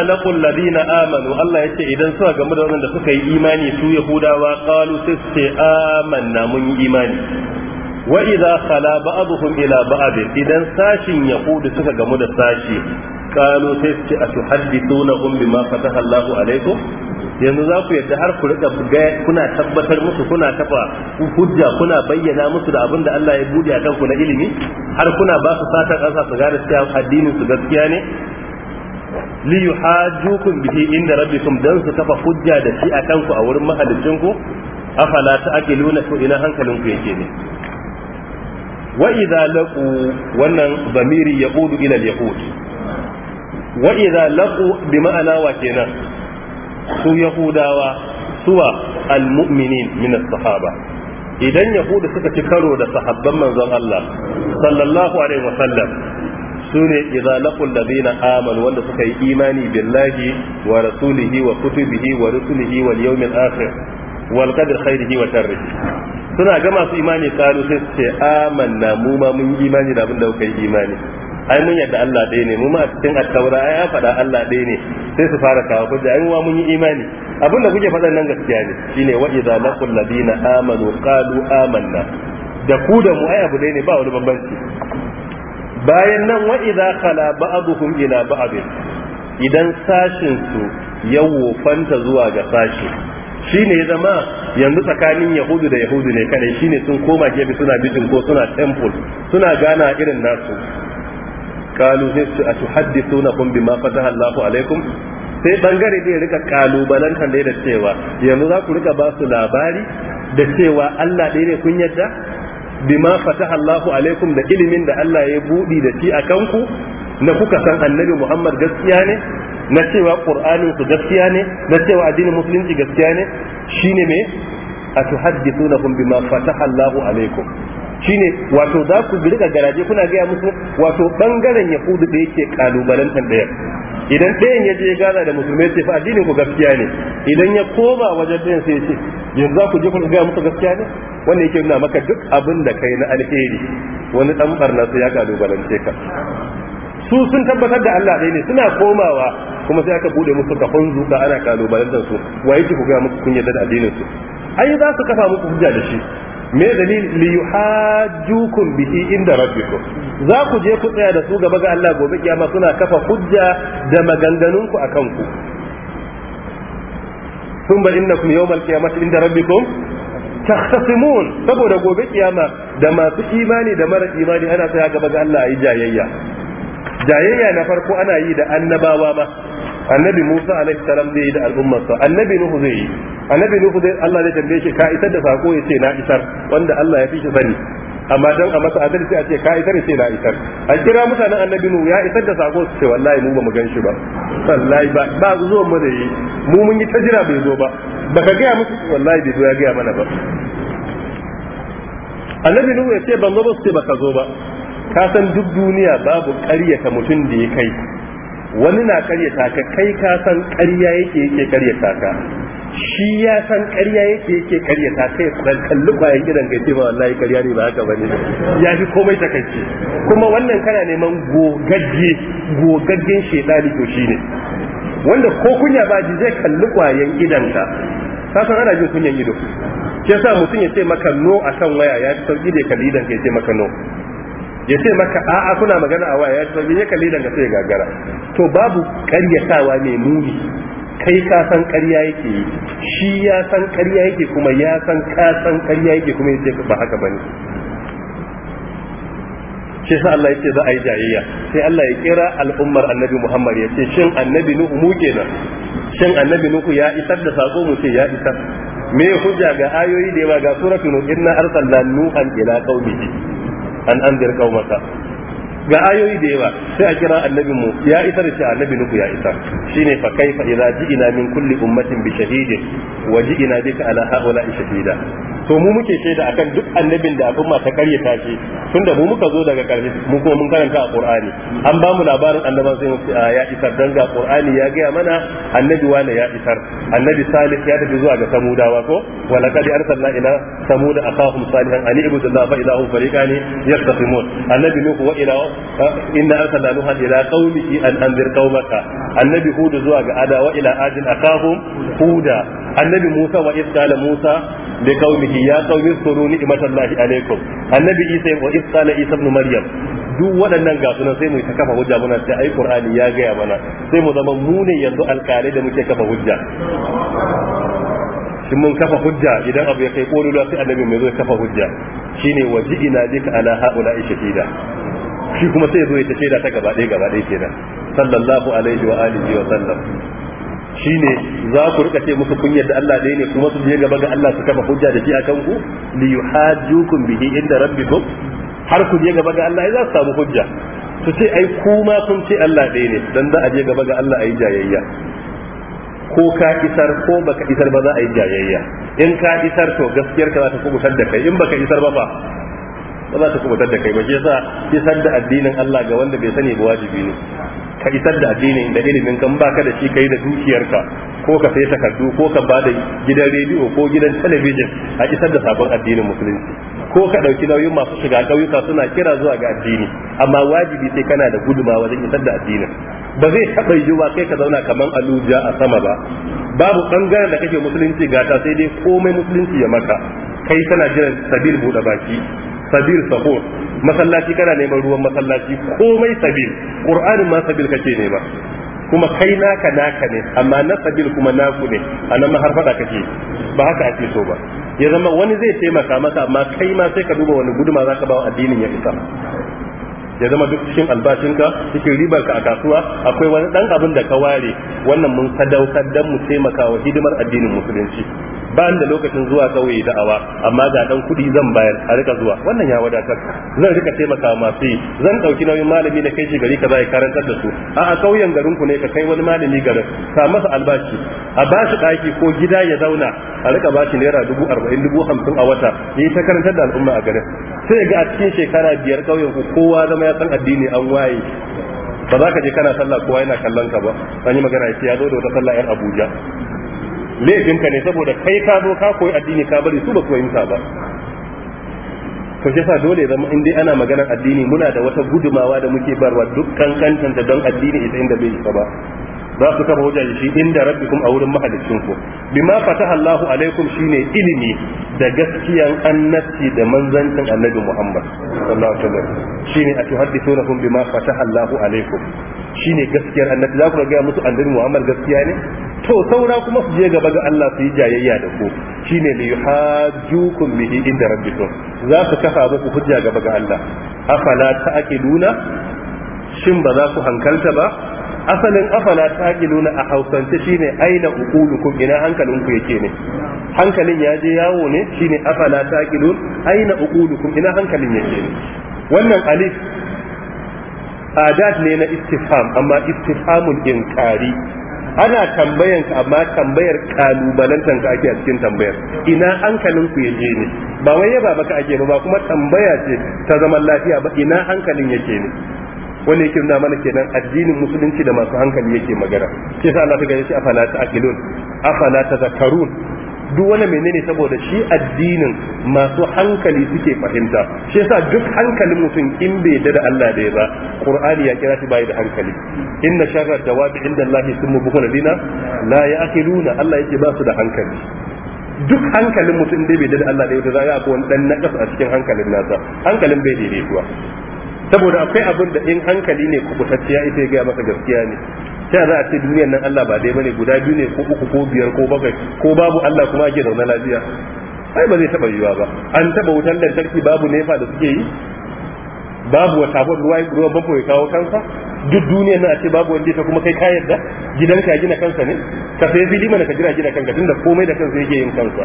idza laqul ladina amanu Allah yace idan suka gamu da waɗanda suka yi imani su yahudawa qalu sai amanna mun yi imani wa idza khala ba'dhum ila ba'd idan sashin yahudu suka gamu da sashi qalu sai atuhaddithunahum bima fataha Allah alaikum yanzu za ku yadda har ku rika kuna tabbatar musu kuna kafa hujja kuna bayyana musu da abin da Allah ya bude a kanku na ilimi har kuna ba su fatan an su gane cewa addinin su gaskiya ne li yuhajjukum bihi inda rabbikum dan su kafa hujja da shi a kanku a wurin mahalicin ku afala ta'qiluna to ina hankalin ku yake ne wa idza laqu wannan bamiri yaqudu ila al-yahud wa idza laqu bi ma'ana wa kenan su yahudawa suwa al-mu'minin min as-sahaba idan yahudu suka ci karo da sahabban manzon Allah sallallahu alaihi wasallam sune idza laqul ladina amanu wanda suka yi imani billahi wa rasulihi wa kutubihi wa rusulihi wal yawmil akhir wal qadr khairihi wa sharrihi suna ga masu imani kalu sai su ce amanna mu ma mun yi imani da abinda da kuka yi imani ai mun yadda Allah ɗaya ne mu ma cikin at-taura ai ya faɗa Allah ɗaya ne sai su fara kawo hujja ai mun yi imani abinda da kuke faɗan nan gaskiya ne shine wa idza laqul ladina amanu qalu amanna da ku da mu ai abu ɗaya ne ba wani bambanci bayan nan wa idza khala ba'dhum ila ba'd idan sashin su ya wofanta zuwa ga sashi shine ya zama yanzu tsakanin yahudu da yahudu ne kadai shine sun koma gefe suna bijin ko suna temple suna gana irin nasu kalu hisu atuhaddithunakum bima fataha Allahu alaikum sai bangare zai rika kalubalantar da cewa yanzu za ku rika ba su labari da cewa Allah ɗaya ne kun yarda. bima fataha Allahu alaikum da ilimin da Allah ya budi da shi a kanku na kuka san annabi Muhammad gaskiya ne na cewa Qur'ani ku gaskiya ne na cewa addinin musulunci gaskiya ne shine me atuhaddithunakum bima fataha Allahu alaikum shine wato za ku riga garaje kuna gaya musu wato bangaren yahudu da yake da ɗaya idan ɗayan ya je gana da musulmai ce fa addinin ku gaskiya ne idan ya koma wajen ɗayan sai ya ce yanzu za ku je ku gaya musu gaskiya ne wanda yake nuna maka duk abin da kai na alheri wani ɗan barna sai ya kalubalance ka su sun tabbatar da Allah ɗaya ne suna komawa kuma sai aka bude musu ka kafin ka ana kalubalantar su waye ku gaya musu kun yarda da addinin su ai za su kafa muku hujja da shi me dalil li yuhajjukum bihi inda rabbikum za ku je ku tsaya da su gaba ga Allah gobe kiyama suna kafa hujja da maganganun ku akan ku ثم انكم يوم القيامه inda rabbikum takhtasimun saboda gobe kiyama da masu imani da mara imani ana tsaya gaba ga Allah ayi jayayya jayayya na farko ana yi da annabawa ba. annabi Musa alaihi salam zai yi da al'ummarsa annabi Nuhu zai yi annabi Nuhu zai Allah zai tambaye shi ka isar da sako ya ce na isar wanda Allah ya fi shi sani amma dan a masa adalci sai a ce ka isar sai na isar a kira mutanen annabi Nuhu ya isar da sako su ce wallahi mu ba mu ganshi ba wallahi ba ba zo mu da yi mu mun yi ta jira bai zo ba baka ga musu wallahi bai zo ya ga mana ba annabi Nuhu ya ce ban zo ba su ce baka zo ba ka san duk duniya babu ta mutum da ya kai wani na karyata ka kai ka san karya yake yake karyata ka shi ya san karya yake yake karyata ya kalli bayan gidan ka ce ba wallahi karya ne ba haka bane ya fi komai takaice kuma wannan kana neman gogagge gogaggen shedani to shine wanda ko kunya ba ji zai kalli kwayan gidanka ka san ana jin kunyan ido ke sa mutum ya ce maka no akan waya ya fi sauki da kalli idan ka ya ce maka no ya ce maka a'a kuna magana a waya ya biye me kalle daga sai gagara to babu karyatawa mai muni kai ka san ƙarya yake yi shi ya san ƙarya yake kuma ya san ka san ƙarya yake kuma yace ba haka bane shi sa Allah yace za a yi jayayya sai Allah ya kira al'ummar Annabi Muhammad ya ce shin Annabi Nuhu mu kenan shin Annabi Nuhu ya isar da sako mu ce ya isar me hujja ga ayoyi da yawa ga suratu nuh inna arsalna nuhan ila qaumihi an anzir qaumaka ga ayoyi da yawa sai a kira annabin mu ya isar shi annabi nuku ya isar shine fa kaifa idza ji'ina min kulli ummatin bi shahidin wa ji'ina bika ala haula shahida to mu muke shaida akan duk annabin da abin ta karyata shi tunda mu muka zo daga karshe mu kuma mun karanta a qur'ani an ba mu labarin annaban sai ya isar dan ga qur'ani ya gaya mana annabi wani ya isar annabi salih ya tafi zuwa ga samudawa ko wala kad arsalna ila samud akahum salihan ani ibudullah fa ilahum fariqani yaqtasimun annabi nuhu wa ila ah, inna arsalna nuha ila qaumihi an anzir qaumaka annabi hud zuwa ga ada wa ila adin akahum huda annabi musa wa idh musa li qaumihi qawlihi ya qawmi zkuru ni'matallahi alaikum annabi isa wa isqala isa ibn maryam duk waɗannan ga sunan sai mu ta kafa hujja muna sai ai qur'ani ya gaya mana sai mu zama mu ne yanzu alƙalai da muke kafa hujja Shin mun kafa hujja idan abu ya kai kolu sai annabi mai zo kafa hujja shine waji'ina bika ala haula shahida shi kuma sai zo ya ta shaida ta gaba ɗaya gaba ɗaya kenan sallallahu alaihi wa alihi wa sallam shine za ku rika ce musu kunyar da Allah ɗaya ne kuma su je gaba ga Allah su kafa hujja da shi akan ku li yuhajjukum bihi inda rabbikum har ku je gaba ga Allah ai za su samu hujja su ce ai kuma kun ce Allah ɗaya ne dan za a je gaba ga Allah ayi jayayya ko ka isar ko baka isar ba za a yi jayayya in ka isar to gaskiyar ka za ta kubutar da kai in baka isar ba fa ba za ta kubutar da kai ba ke sa isar da addinin Allah ga wanda bai sani ba wajibi ne ka isar da addini da ilimin kan baka da shi kai da dukiyarka ko ka sai takardu ko ka ba da gidan rediyo ko gidan talabijin a isar da sabon addinin musulunci ko ka dauki nauyin masu shiga kauyuka suna kira zuwa ga addini amma wajibi sai kana da guduma wajen isar da addini ba zai taɓa yiwuwa kai ka zauna kamar aluja a sama ba babu ɓangaren da kake musulunci gata sai dai komai musulunci ya maka kai kana jiran sabil buɗe baki sabil sahur masallaci kana neman ruwan masallaci komai sabir qur'anin ma sabir kake ne ba kuma kai naka naka ne amma na sabir kuma naku ne anan ma har fada kake ba haka ake so ba ya zama wani zai taimaka maka amma kai ma sai ka duba wani guduma zaka ba addinin ya isa ya zama duk cikin albashinka cikin ribarka a kasuwa akwai wani dan abin da ka ware wannan mun sadaukar dan mu taimaka wa hidimar addinin musulunci Bani da lokacin zuwa kauye awa, amma ga dan kuɗi zan bayar a rika zuwa wannan ya wadatar zan rika taimaka masu yi zan ɗauki nauyin malami da kai shi gari kaza ya karantar da su a a kauyen garin ku ne ka kai wani malami garin ka masa albashi a ba shi daki ko gida ya zauna a rika ba shi naira dubu arba'in dubu hamsin a wata ya yi ta karantar da al'umma a garin sai ga a cikin shekara biyar kauyen ku kowa zama ya san addini an waye ba za ka je kana sallah kowa yana kallon ka ba an yi magana ya ce ya zo da wata sallah yan abuja laifinka ne saboda kai ka zo ka koyi addini ka bari su ba fahimta ba to shi yasa dole zama in dai ana maganar addini muna da wata gudumawa da muke barwa duk kankantan don addini ita inda bai isa ba za su kama wajen shi inda kuma a wurin mahalicinku ku ma fataha Allahu alaikum shine ilimi da gaskiyan annabci da manzancin annabi Muhammad sallallahu alaihi wasallam shine a tuhaddithunakum ma fataha Allahu alaikum shine gaskiyar annabi za ku ga musu annabi Muhammad gaskiya ne to saura kuma su je gaba ga Allah su yi jayayya da ku shine li yuhajjukum bihi inda rabbikum za su kafa muku hujja gaba ga Allah afala ta'qiluna shin ba za ku hankalta ba asalin afala taqiluna a hausance shine aina uqulukum ina hankalinku yake ne hankalin ya je yawo ne shine afala taqilun aina uqulukum ina hankalin yake ne wannan alif adat ne na istifham amma istifhamul inkari ana tambayan ka amma tambayar kalubalantar ka ake a cikin tambayar ina hankalin ku yaje ne ba wai yaba baka ake ba kuma tambaya ce ta zaman lafiya ba ina hankalin yake ne wanda yake nuna mana kenan addinin musulunci da masu hankali yake magana shi yasa Allah ta gaya shi afala ta'qilun afala zakarun duk wani menene saboda shi addinin masu hankali suke fahimta shi yasa duk hankalin mutum in bai da da Allah da ya ba Qur'ani ya kira shi bai da hankali inna sharra dawabi inda Allah summu bukul dina la ya'qiluna Allah yake ba su da hankali duk hankalin mutum dai bai da Allah da ya ba za ya ko wani dan nakasa a cikin hankalin nasa hankalin bai daidaituwa saboda akwai abin da in hankali ne kubutacciya ita ya gaya masa gaskiya ne ta za a ce duniyar nan Allah ba dai bane guda biyu ne ko uku ko biyar ko bakwai ko babu Allah kuma ake zaune lafiya ai ba zai taba yiwa ba an taba wutar lantarki babu nefa da suke yi babu wata abin ruwa ruwa bako ya kawo kansa duk duniya na ce babu wanda ta kuma kai ka yarda gidanka ya gina kansa ne ka sai fili mana ka jira gina kanka tunda komai da kansa yake yin kansa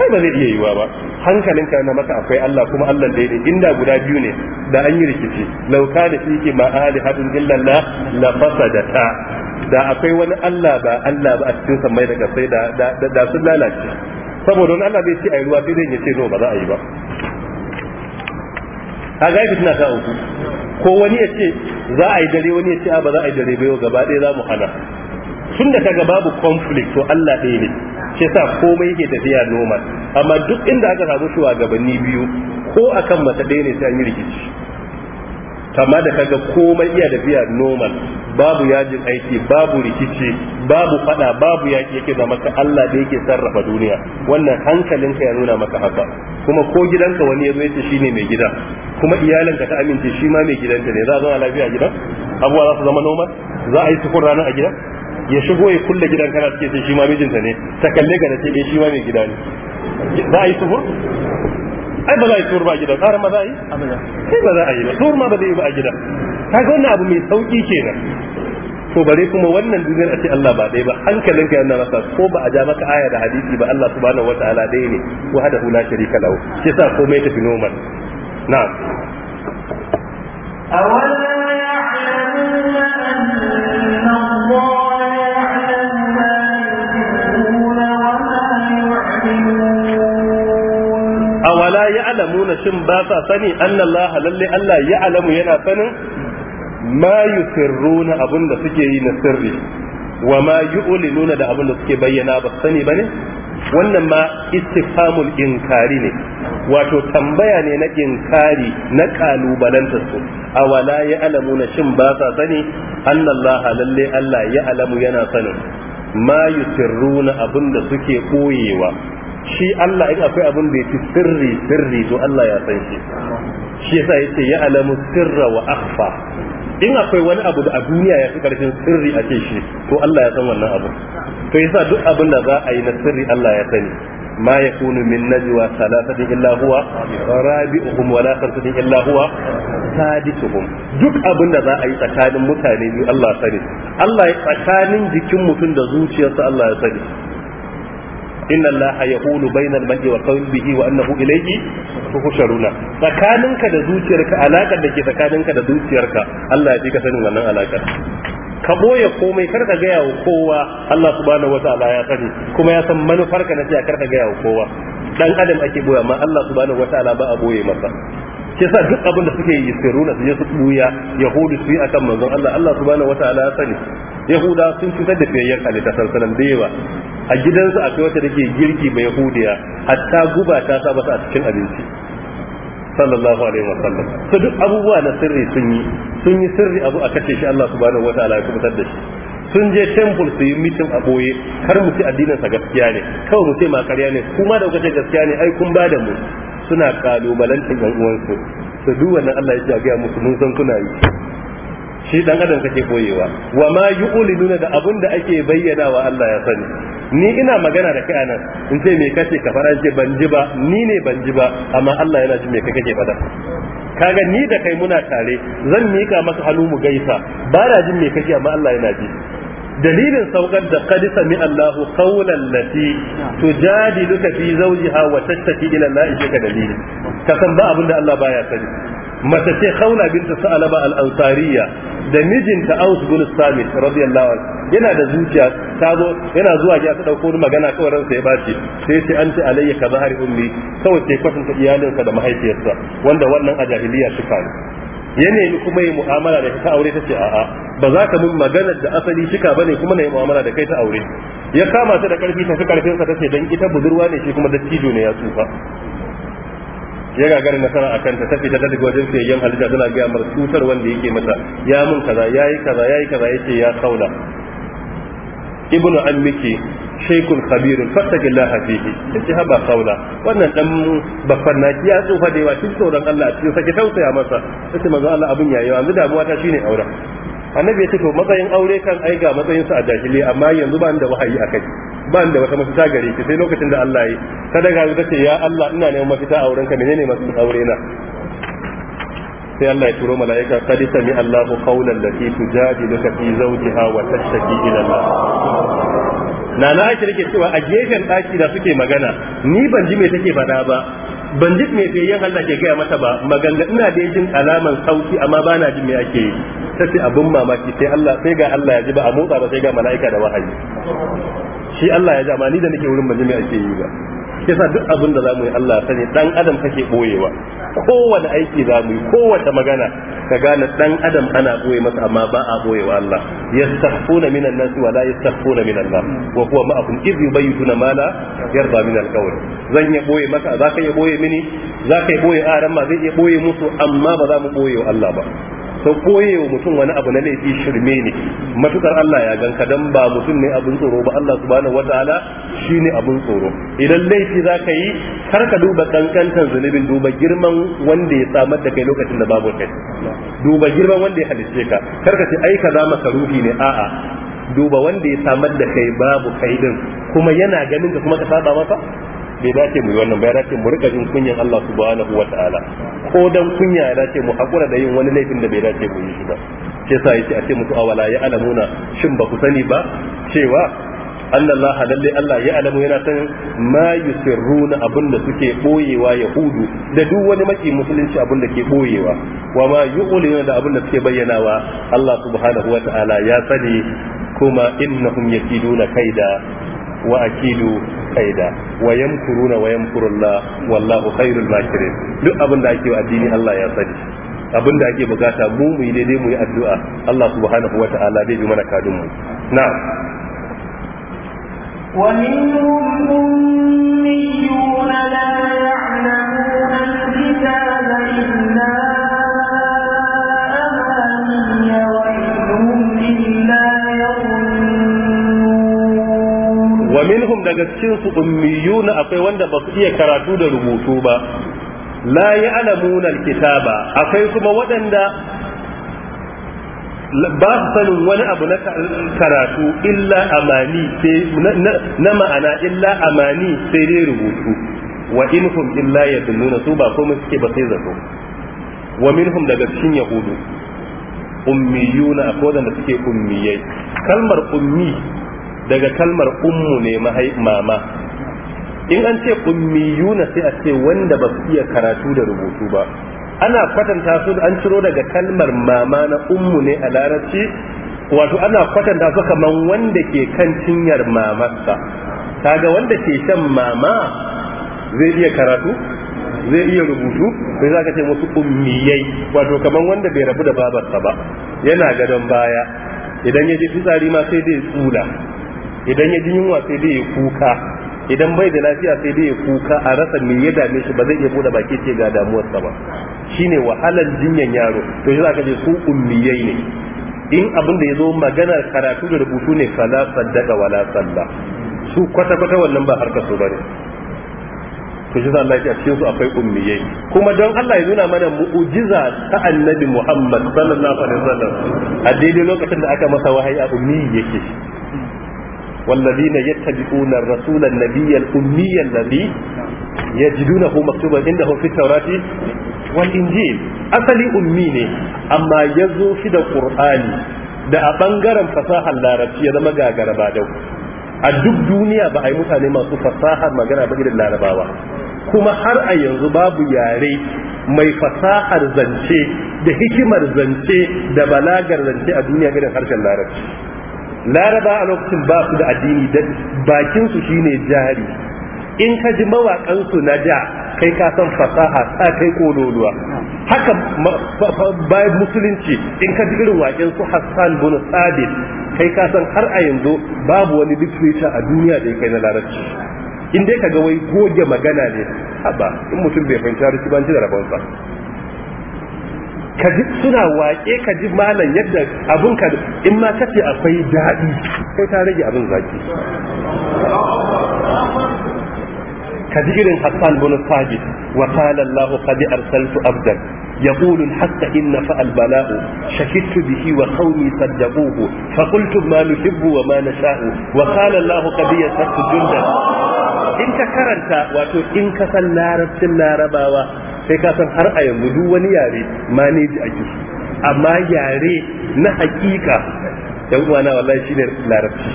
ai ba zai iya yiwa ba hankalinka na maka akwai Allah kuma Allah da inda guda biyu ne da an yi rikici lauka da fihi ma alihatun hadin illallah la fasadata da akwai wani Allah ba Allah ba a cikin samai daga sai da da sun lalace saboda wani Allah bai ce ai ruwa sai dai ya ce no ba za a yi ba kaga ga fitina ta uku ko wani ya ce za a yi dare wani ya ce a ba za a yi dare ba yau gaba ɗaya za mu hana tun da kaga babu conflict to Allah ɗaya ne ke sa komai yake tafiya normal amma duk inda aka samu shugabanni biyu ko akan mata ɗaya ne sai an yi rikici Kamar da kaga komai iya tafiya normal babu yajin aiki babu rikici babu fada babu yaki yake zama maka Allah da yake sarrafa duniya wannan hankalinka ya nuna maka haka kuma ko gidanka wani ya zo yace shine mai gida kuma iyalinka ta amince shi ma mai gidanta ne za a zauna lafiya a gidan abuwa za su zama normal za a yi sukun ranar a gidan ya shigo ya kulle gidan kana suke sai shi ma mijinta ne ta kalle ga da ce eh shi ma mai gida ne za a yi suhur ai ba za a yi suhur ba gida tsara ma za a yi sai ba za a yi ba suhur ma ba zai yi ba a gida kaga wannan abu mai sauki kenan to bare kuma wannan duniyar a ce Allah ba ɗaya ba ka yana masa ko ba a ja maka aya da hadisi ba Allah subhanahu wataala ɗaya ne wahdahu la sharika lahu shi yasa komai tafi normal na'am أولا يعلمون ya'lamuna shin ba sa sani annallaha lalle Allah ya'lamu yana sanin ma yusirruna abinda suke yi na sirri wa ma yu'linuna da abinda suke bayyana ba sani bane wannan ma istifhamul inkari ne wato tambaya ne na inkari na kalubalantar su awala ya alamu na shin ba sa sani annallaha lalle Allah ya alamu yana sanin ma yusirruna abinda suke koyewa shi Allah in akwai abin da yake sirri sirri to Allah ya san shi shi yasa yace ya alamu sirra wa akhfa in akwai wani abu da a duniya ya fi karfin sirri a ce shi to Allah ya san wannan abu to yasa duk abin da za a yi na sirri Allah ya sani ما يكون من نجوى ثلاثة إلا هو wa ولا خمسة إلا هو sadisuhum duk abin da za a yi tsakanin mutane biyu Allah sani Allah ya tsakanin jikin mutum da zuciyarsa Allah ya sani inna allaha yaqulu bainal mar'i wa qalbihi wa annahu ilayhi tuhsharuna tsakaninka da zuciyarka alakar da ke tsakaninka da zuciyarka Allah ya fi ka sanin wannan alakar ka boye komai kar ka gaya wa kowa Allah subhanahu wataala ya sani kuma ya san manufar ka na cewa kar ka gaya wa kowa dan adam ake boye amma Allah subhanahu wataala ba a boye masa shi yasa duk abin da suke yi runa su je su buya yahudu su yi akan manzon Allah Allah subhanahu wataala ya sani yahuda sun fitar da fiyayyen halitta sallallahu da yawa a gidansu akwai wata take girki mai yahudiya hatta guba ta sa masa a cikin abinci sallallahu alaihi wa sallam to duk abubuwa na sirri sun yi sun yi sirri abu a kace shi Allah subhanahu wa ta'ala ya kubutar da shi sun je temple su yi mitin a boye kar mu ci addinin sa gaskiya ne kawai mu ce ma ƙarya ne kuma da kace gaskiya ne ai kun ba da mu suna kalubalantar yan uwansu to duk wannan Allah ya ji a ga musu mun san kuna yi shi dan adam kake koyewa wa ma yu'linuna da abun da bayyana wa Allah ya sani ni ina magana da kai anan in ce me kace ka fara ce ban ji ba ni ne ban ji ba amma Allah yana jin me kake fada kaga ni da kai muna tare zan mika maka hannu mu gaisa ba na jin me kake amma Allah yana ji dalilin saukar da qad sami Allahu qawlan lati tujadiluka fi zawjiha wa tashtaki ila Allah ka dalili ka san ba abin Allah baya sani mace ce khawla binta sa'alaba al-ansariya da mijinta aus bin samit radiyallahu anhu yana da zuciya ta zo yana zuwa ya ta dauko magana kawai ransa ya bace sai sai an ce alayya ka zahari ummi kawai sai kwatanta iyalinsa da mahaifiyarsa wanda wannan a jahiliya shi faru ya nemi kuma yi mu'amala da ta aure ta ce a'a ba za ka mun magana da asali shika bane kuma na yi mu'amala da kai ta aure ya kama ta da karfi ta fi karfinsa ta ce dan ita budurwa ne shi kuma dattijo ne ya tsufa ya gagara nasara a kanta ta fita ta daga wajen fiyayyen halitta tana gaya mar cutar wanda yake mata ya mun kaza ya yi kaza ya yi kaza ya ce ya kaula ibnu ammiki shaikun khabirun fattakillaha fihi yace haba kaula wannan dan naki ya tsofa da yawa cikin tsoron Allah a cikin sake tausaya masa yace manzo Allah abin yayi yanzu damuwa ta shine aure annabi ya ce to matsayin aure kan aika matsayin sa a jahiliya amma yanzu ba da wahayi kai. ba da wata mafita gare ki sai lokacin da Allah yi sadaka ta ce ya Allah ina neman mafita a wurinka menene masu aure na sai Allah ya turo mala'ika qad sami Allahu qawlan lati tujadiluka fi zawjiha wa tashtaki ila Allah na na aiki nake cewa a gefen daki da suke magana ni ban ji me take faɗa ba ban ji me fiyayyen Allah ke gaya mata ba maganga ina da jin alaman sauki amma bana na jin me ake yi ta ce abin mamaki sai Allah sai ga Allah ya ji ba a motsa ba sai ga mala'ika da wahayi shi Allah ya jama ni da nake wurin majami ake yi ba shi yasa duk abin da zamu yi Allah ya sani dan adam kake boyewa kowane aiki zamu yi kowace magana ka gane dan adam ana boye masa amma ba a boyewa Allah yastaghfuna minan nas wa la yastaghfuna min Allah wa huwa ma'akum iz yubayituna ma la yarda min al-qawl zan ya boye maka zaka ya boye mini zaka ya boye aran ma zai ya boye musu amma ba za mu boye wa Allah ba to koye mutum wani abu na laifi shirme ne matukar Allah ya ganka dan ba mutum ne abun tsoro ba Allah subhanahu wataala shine abun tsoro idan laifi zaka yi kar ka duba kankantan zunubin duba girman wanda ya samar da kai lokacin da babu kai duba girman wanda ya halice ka kar ka ce ai maka ruhi ne a'a duba wanda ya samar da kai babu kai din kuma yana ganin ka kuma ka saba masa bai dace mu yi wannan bai dace mu rika jin kunyan Allah subhanahu wa ta'ala ko dan kunya ya dace mu hakura da yin wani laifin da bai dace mu yi shi ba sai sa yace a ce musu awala ya alamuna shin ba ku sani ba cewa annallaha lalle Allah ya alamu yana san ma yusirruna abinda suke boyewa yahudu da duk wani maki musulunci abinda ke boyewa wa ma yu'linu da abinda suke bayyanawa Allah subhanahu wa ta'ala ya sani kuma innahum yakiduna kaida wa akidu kaida wa yamkuruna wa wala wallahu khairul makirin duk abin da ake wa addini Allah ya sani abin da ake bukata mu mu yi daidai mu yi addu'a Allah subhanahu wa ta'ala zai bi mana kadun mu na'am minhum أميون la. daga cikin su ummiyuna akwai wanda ba su iya karatu da rubutu ba la ya'lamuna alkitaba akwai kuma waɗanda ba su sanin wani abu na karatu illa amani na ma'ana illa amani sai dai rubutu wa inhum illa yadununa su ba komai suke ba sai zato wa minhum daga cikin yahudu ummiyuna akwai wanda suke ummiyai kalmar ummi daga kalmar ummu ne mama in an ce ummiyuna sai a ce wanda ba su iya karatu da rubutu ba ana kwatanta su an ciro daga kalmar mama na ummu ne a larabci wato ana kwatanta su kamar wanda ke kan cinyar mamarsa kaga wanda ke shan mama zai iya karatu zai iya rubutu sai za ka ce musu ummiyai wato kamar wanda bai rabu da babarsa ba yana gadon baya idan ya je fitsari ma sai dai tsula idan ya ji yunwa sai dai ya kuka idan bai da lafiya sai dai ya kuka a rasa me ya dame shi ba zai iya bude baki ce ga sa ba shine wahalan jinyan yaro to shi zaka je su ummiyai ne in abin da ya zo maganar karatu da rubutu ne fala saddaka wala salla su kwata kwata wannan ba harkar su bane to shi Allah a cikin su akwai ummiyai kuma don Allah ya nuna mana mu'jiza ta annabi Muhammad sallallahu alaihi wasallam a daidai lokacin da aka masa wahayi a ummiyai yake والذين يتبعون الرسول النبي الأمي الذي يجدونه مكتوبا عندهم في التوراة والإنجيل أصلي أمي ne amma ya zo shi da Qur'ani da a ɓangaren fasahar larabci ya zama gagara ba dau a duk duniya ba a yi mutane masu fasahar magana ba irin larabawa kuma har a yanzu babu yare mai fasahar zance da hikimar zance da balagar zance a duniya irin harshen larabci laraba a lokacin ba su da addini da bakin su shine jari in ka ji mawakan su na da kai ka san fasaha ta kai kololuwa haka bai musulunci in ka ji irin waken su Hassan bin Sabit kai ka san har a yanzu babu wani literature a duniya da ya kai na larabci in dai kaga wai goge magana ne haba in mutum bai fahimci larabci ba ji da ka suna waƙe Kaji ji malam yadda abun ka in ma kace akwai daɗi sai ta rage abin zaki kaji irin Hassan bin Sabit wa qala Allahu qad arsaltu abdan يقول حتى إن فأ البلاء شكدت به وقومي صدقوه فقلت ما نحب وما نشاء وقال الله قد يسرت جندا in ka karanta wato in ka san larabcin larabawa sai ka san har a yanzu duk wani yare maneji amma yare na hakika dan na wallahi shine larabci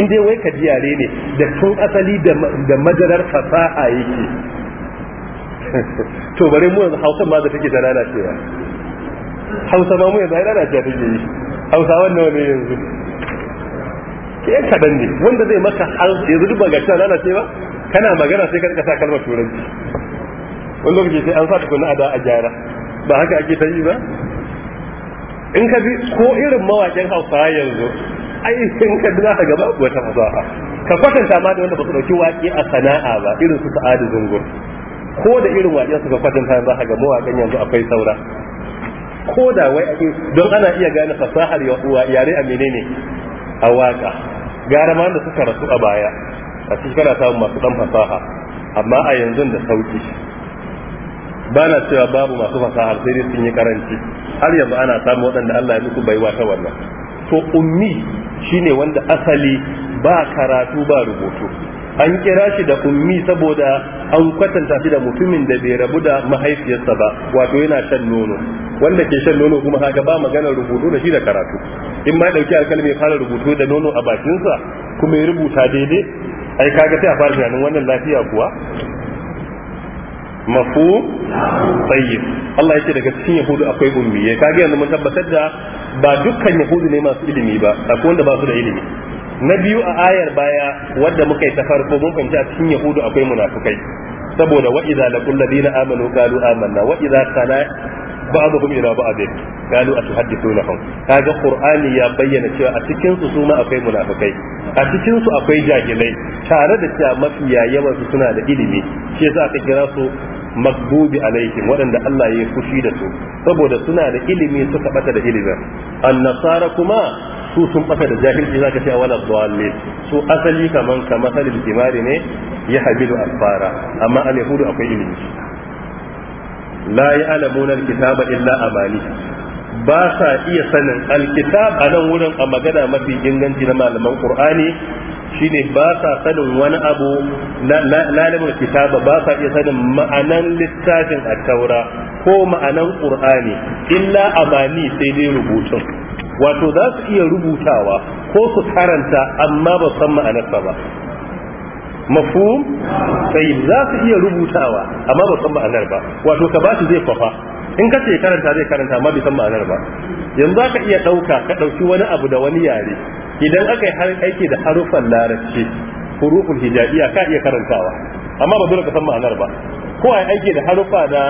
in dai wai ka ji yare ne da tun asali da madarar fasaha yake to bare mu yanzu hausa ma da take da lalacewa hausa ma mu yanzu ai lalacewa take yi hausa wannan ne yanzu ke yan kaɗan ne wanda zai maka yanzu duk ba gashi lalacewa kana magana sai ka sa kalmar turanci wani lokaci sai an sa tukuna a da a gyara ba haka ake ta yi ba in ka bi ko irin mawaƙin hausa yanzu ai in ka bi za ka gaba wata fasaha ka kwatanta ma da wanda ba su ɗauki waƙe a sana'a ba irin su sa'adu zungu ko da irin su suka kwatanta za ka ga mawaƙan yanzu akwai saura ko da wai ake don ana iya gane fasahar yare a menene a waƙa gara ma da suka rasu a baya a cikin kana samun masu ɗan fasaha amma a yanzu da sauki ba na cewa babu masu fasaha sai dai sun yi karanci har yanzu ana samu waɗanda Allah ya muku baiwa ta wannan to ummi shine wanda asali ba karatu ba rubutu an kira shi da ummi saboda an kwatanta shi da mutumin da bai rabu da mahaifiyarsa ba wato yana shan nono wanda ke shan nono kuma haka ba maganar rubutu da shi da karatu in ma dauki alkalmi fara rubutu da nono a bakinsa kuma ya rubuta daidai ai kaga sai a fara tunanin wannan lafiya kuwa mafu tsayyib Allah ya ce daga cikin yahudu akwai ummiye kage yanzu mun tabbatar da ba dukkan yahudu ne masu ilimi ba akwai wanda ba su da ilimi na biyu a ayar baya wadda muka yi ta farko mun fahimci a cikin yahudu akwai munafukai saboda wa idza laqul ladina amanu qalu amanna wa idza tala ba'dhum ila ba'd qalu atuhaddithunahum kaga qur'ani ya bayyana cewa a cikinsu su su ma akwai munafikai a cikinsu su akwai jahilai tare da cewa mafiya yawan su suna da ilimi shi yasa aka kira su magdubi alaihim waɗanda Allah ya fushi da su saboda suna da ilimi suka bata da ilimin annasara kuma su sun bata da jahilci zaka ce wala dhalil su asali kaman kamar salil kimari ne ya habilu asfara amma al yahudu akwai ilimi la ya'lamuna alkitaba illa amani ba sa iya sanin alkitab a nan wurin a magana mafi inganci na malaman qur'ani shine ba sa sanin wani abu lalimul kitaba ba sa iya sanin ma'anan littafin at-taura ko ma'anan qur'ani illa amani sai dai rubutun wato za su iya rubutawa ko su karanta amma ba san ma'anarsa ba mafu tayyib za su iya rubutawa amma ba san ma'anar ba wato ka shi zai kwafa in ka ce karanta zai karanta amma bai san ma'anar ba yanzu za ka iya dauka ka dauki wani abu da wani yare idan aka yi har aiki da haruffan larabci huruful hijabiya ka iya karantawa amma ba dole ka san ma'anar ba ko ai aiki da haruffa na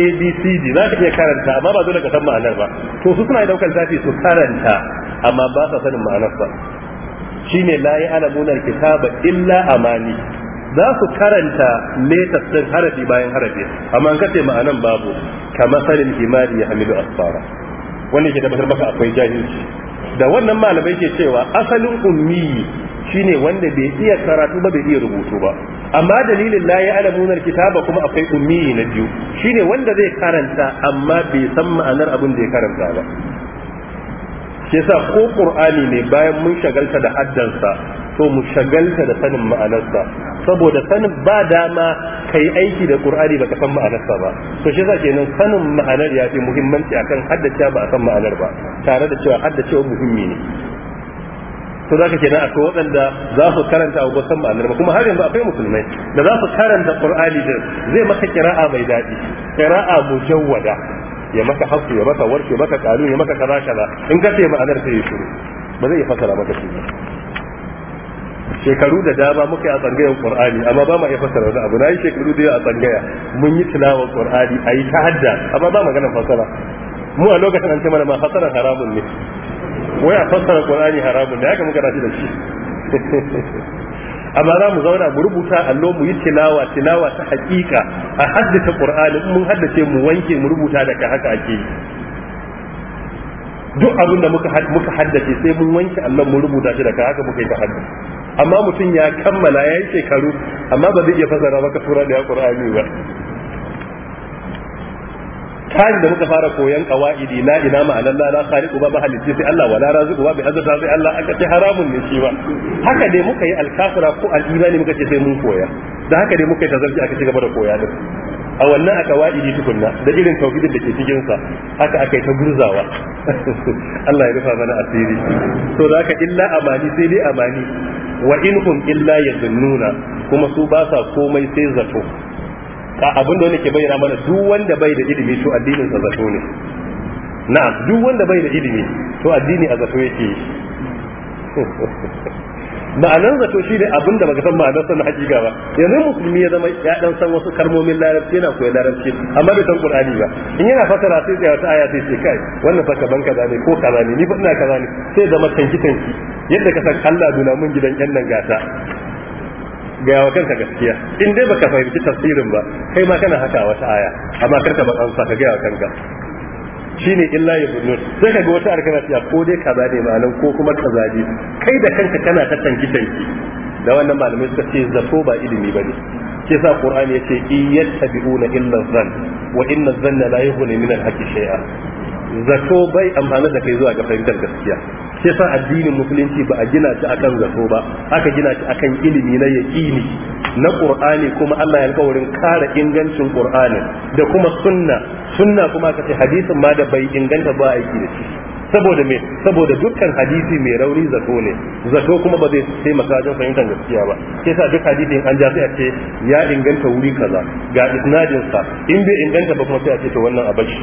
abcd za ka iya karanta amma ba dole ka san ma'anar ba to su suna daukar zafi su karanta amma ba sa sanin ma'anar ba shine la ya'lamuna kitaba illa amani za su karanta latest din harafi bayan harafi amma an kace ma'anan babu kama sanin himari ya hamilu asfara wannan ke tabbatar maka akwai jahilci da wannan malamai ke cewa asalin ummi shine wanda bai iya karatu ba bai iya rubutu ba amma dalilin la ya alamuna kitaba kuma akwai ummi na biyu shine wanda zai karanta amma bai san ma'anar abin da ya karanta ba ke sa ko qur'ani ne bayan mun shagalta da haddansa to mu shagalta da sanin ma'anarsa saboda sanin ba dama kai aiki da qur'ani baka san ma'anarsa ba to shi yasa kenan sanin ma'anar ya fi muhimmanci akan haddace ba a san ma'anar ba tare da cewa haddace muhimmi ne to zaka kenan akwai waɗanda za su karanta a san ma'anar ba kuma har yanzu akwai musulmai da za su karanta qur'ani din zai maka kira'a mai daɗi kira'a mujawwada ya maka hakku ya maka warke ya maka kalun ya maka kaza kaza in ka sai ma'anar sai ya shiru ba zai fasara maka shi ba shekaru da dama muka yi a tsangayar qur'ani amma ba ma iya fasara wani abu na yi shekaru da yawa a tsangaya mun yi tilawar qur'ani ayi ta hadda amma ba maganar fasara mu a lokacin an ce mana ma fasarar haramun ne wai a fassara qur'ani haramun ne haka muka rashi da shi amma za mu zauna mu rubuta allo mu yi tilawa tilawa ta hakika a haddace qur'ani mun haddace mu wanke mu rubuta daga haka ake duk abin da muka muka haddace sai mun wanke allo mu rubuta shi daga haka muka yi ta haddace amma mutum ya kammala ya yi shekaru amma ba zai iya fasara maka tura da qur'ani ba kayan da muka fara koyan kawaidi la ina ma na la khaliqu ba mahalicci sai Allah wala raziqu ba bi azza sai Allah aka ce haramun ne shi ba haka dai muka yi al-kafira ko al-imani muka ce sai mun koya da haka dai muka yi tazarci aka ci gaba da koya da a wannan aka wa'idi tukunna da irin tauhidin da ke cikin sa haka aka yi ta gurzawa Allah ya rufa mana asiri to da haka illa amani sai dai amani wa in hum illa yadhunnuna kuma su ba sa komai sai zato abin da wani ke bayyana mana duk wanda bai da ilimi to addinin sa zato ne na'am duk wanda bai da ilimi to addini a zato yake ma'anar zato shi ne abin da baka san ma'anar san hakika ba yanzu musulmi ya zama ya dan san wasu kalmomin larabci yana koyi larabci amma bai san qur'ani ba in yana fasara sai tsaya wata aya sai ce kai wannan fa kaban kaza ne ko kaza ne ni ba ina kaza ne sai zama tanki tanki yadda ka san Allah duna mun gidan yan nan gata ga kanka gaskiya in dai baka fahimci tafsirin ba kai ma kana haka wata aya amma karka ba an ka ga wa kanka shine illa yuzunun sai kaga wata arkana ta ko dai kaza ne malam ko kuma kazaji kai da kanka kana ta tanki tanki da wannan malamai suka ce zato ba ilimi bane ke sa qur'ani yace iyattabi'una illa dhann wa inna dhanna la yughni min al-haqqi shay'a zato bai amfani da kai zuwa ga fahimtar gaskiya shi sa addinin musulunci ba a gina shi akan zato ba aka gina shi akan ilimi na yaqini na qur'ani kuma Allah ya alƙawarin kare ingancin qur'anin da kuma sunna sunna kuma kace hadisin ma da bai inganta ba aiki da shi saboda me saboda dukkan hadisi mai rauni zato ne zato kuma ba zai taimaka wajen fahimtar gaskiya ba sai sa duk hadisin an ja sai a ce ya inganta wuri kaza ga isnadin sa in bai inganta ba kuma sai a ce to wannan a shi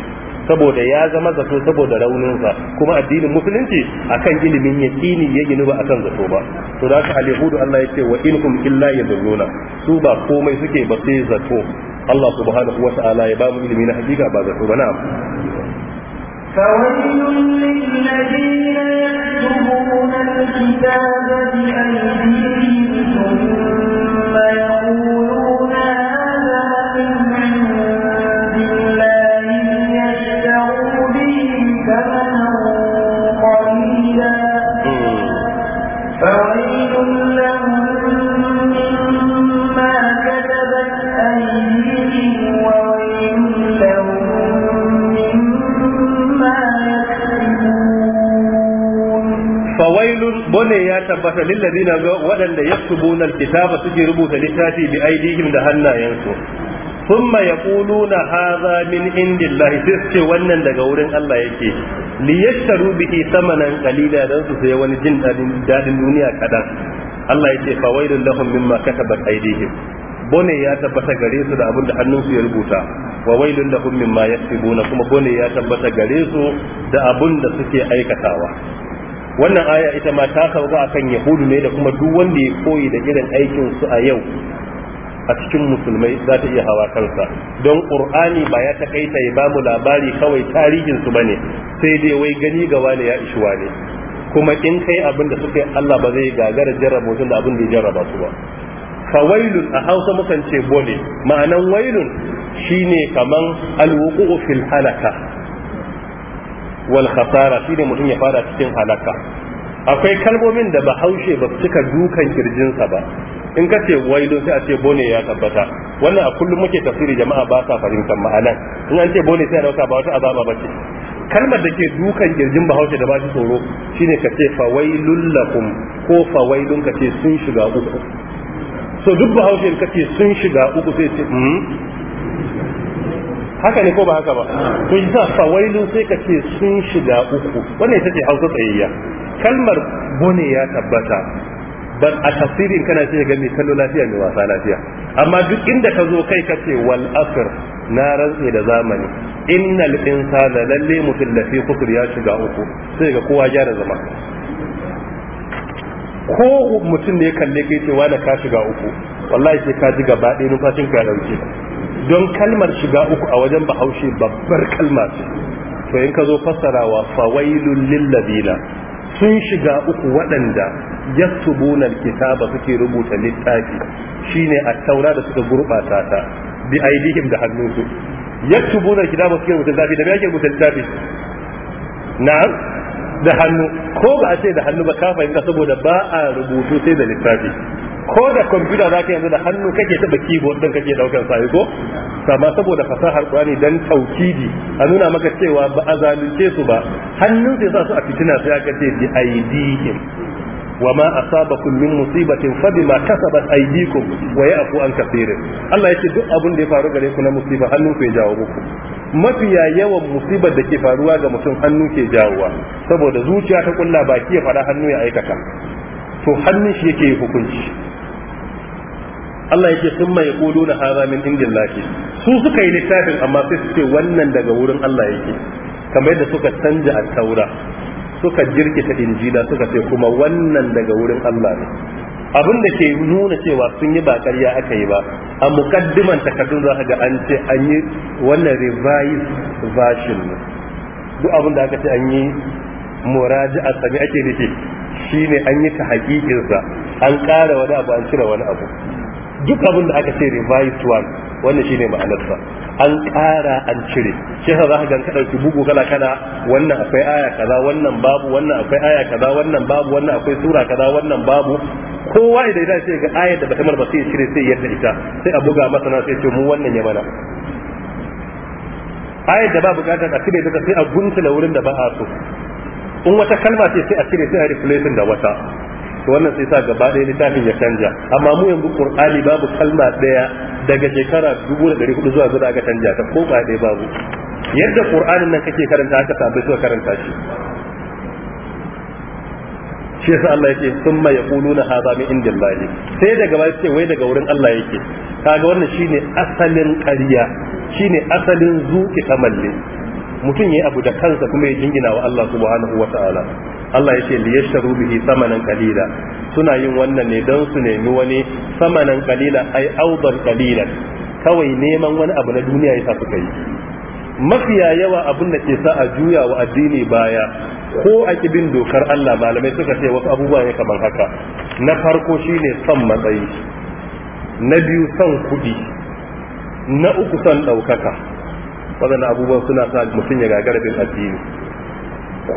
saboda ya zama zato saboda raunin sa kuma addinin musulunci akan ilimin yaqini ya ginu ba akan zato ba to da haka al Allah ya ce wa in illa illa yadhunnuna su ba komai suke ba sai zato Allah subhanahu wa ta'ala ya ba mu ilimi na hakika ba zato ba na'am فويل للذين يكتبون الكتاب بأيديهم tabbata lillazina ga waɗanda yaktubuna alkitaba suke rubuta littafi bi aidihim da hannayensu thumma yaquluna hadha min indillahi sai ce wannan daga wurin Allah yake li yashtaru bihi samanan qalila dan su sai wani jin dadin dadin duniya kadan Allah yake fawailul lahum mimma katabat aidihim bone ya tabbata gare su da abin da hannunsu ya rubuta wa wailun lahum mimma yaksibuna kuma bone ya tabbata gare su da abin da suke aikatawa wannan aya ita ma ta a akan yahudu ne da kuma duk wanda ya koyi da irin aikin su a yau a cikin musulmai za ta iya hawa kansa don qur'ani ba ya takaita ya ba mu labari kawai tarihin su bane sai dai wai gani ga wani ya ishuwa ne. kuma in kai abin da suka Allah ba zai gagara jarraba mutum da abin da ya jarraba su ba Wailun a hausa mukan ce bole ma'anan wailun shine kaman alwuqu fil halaka wal khasara shine mutum ya fara cikin halaka akwai kalmomin da bahaushe ba cika dukan kirjinsa ba in ka ce wai don sai a ce bone ya tabbata wannan a kullum muke tafsiri jama'a ba sa fahimtar ma'anan in an ce bone sai a dauka ba wata azaba ba ce kalmar da ke dukan kirjin bahaushe da ba shi tsoro shine ka ce fa wai lullakum ko fa don ka ce sun shiga uku so duk bahaushe ka ce sun shiga uku sai ce hmm? haka ne ko ba haka ba to yi sa sai ka ce sun shiga uku wannan ita ce hausa tsayayya kalmar bone ya tabbata ban a tafsirin kana ce ga mai kallo lafiya mai wasa lafiya amma duk inda ka zo kai ka ce wal asr na rantse da zamani innal insana lalle mutum lafi kufur ya shiga uku sai ga kowa gyara zama ko mutum ne kalle kai ce da ka shiga uku wallahi sai ka ji gaba ɗaya numfashin ka ya dauke don kalmar shiga uku a wajen bahaushe babbar kalma ce to in ka zo fassarawa fawailul lil ladina sun shiga uku waɗanda yaktubuna alkitaba suke rubuta littafi shine a taura da suka gurbata ta bi aidihim da hannunsu yaktubuna alkitaba suke rubuta littafi da me yake rubuta littafi na da hannu ko ba a ce da hannu ba ka fahimta saboda ba a rubutu sai da littafi ko da kwamfuta za ka yanzu da hannu kake taɓa keyboard ɗin kake ɗaukar sa ko amma saboda fasahar kwani dan taukidi a nuna maka cewa ba a zalunce su ba hannun sai sa su a fitina sai aka ce bi aidihim min musibatin fa bima kasabat aydikum wa ya'fu an كثير Allah yake duk abun da ya faru gare ku na musiba hannu ke jawo muku mafiya yawan musibar da ke faruwa ga mutum hannu ke jawowa saboda zuciya ta kulla baki ya fara hannu ya aikata to hannun shi yake hukunci Allah yake sun mai kudu na haza min indin lafi su suka yi littafin amma sai su ce wannan daga wurin Allah yake kamar yadda suka canja a taura suka jirkita injila suka ce kuma wannan daga wurin Allah ne abin da ke nuna cewa sun yi ba ƙarya aka yi ba a mukaddiman takardun za ka ga an ce an yi wannan revised version ne duk abin da aka ce an yi muraji a sami ake nufi shine an yi ta hakikinsa an ƙara wani abu an cire wani abu duk abin da aka ce revised one wannan shine ma'anarsa an ƙara an cire shi yasa za ka ga ka ɗauki bugu wannan akwai aya kaza wannan babu wannan akwai aya kaza wannan babu wannan akwai sura kaza wannan babu kowa idan ya ce ga ayar da bata marba sai ya cire sai yadda ita sai a buga masa na sai ce mu wannan ya mana ayar da ba bukatar a cire ta sai a guntula wurin da ba a so in wata kalma ce sai a cire sai a replace da wata to wannan sai sa gaba ɗaya littafin ya canja amma mu yanzu qur'ani babu kalma ɗaya daga shekara 1400 zuwa zuwa aka canja ta ko ba ɗaya babu yadda qur'anin nan kake karanta aka sabai zuwa karanta shi shi yasa Allah yake summa yaquluna hadha min indillah sai daga ba ce wai daga wurin Allah yake kaga wannan shine asalin ƙarya shine asalin zuki tamalle mutum ya yi abu da kansa kuma ya jingina wa Allah subhanahu ta'ala Allah ya ce li yashtaru bihi samanan qalila suna yin wannan ne don su nemi wani samanan qalila ai awdan qalilan kawai neman wani abu na duniya yasa suka yi mafiya yawa abun da ke sa a juya wa addini baya ko a kibin dokar Allah malamai suka ce wasu abubuwa ne kamar haka na farko shine son matsayi na biyu son kuɗi na uku son ɗaukaka waɗannan abubuwan suna sa mutum ya gagara bin addini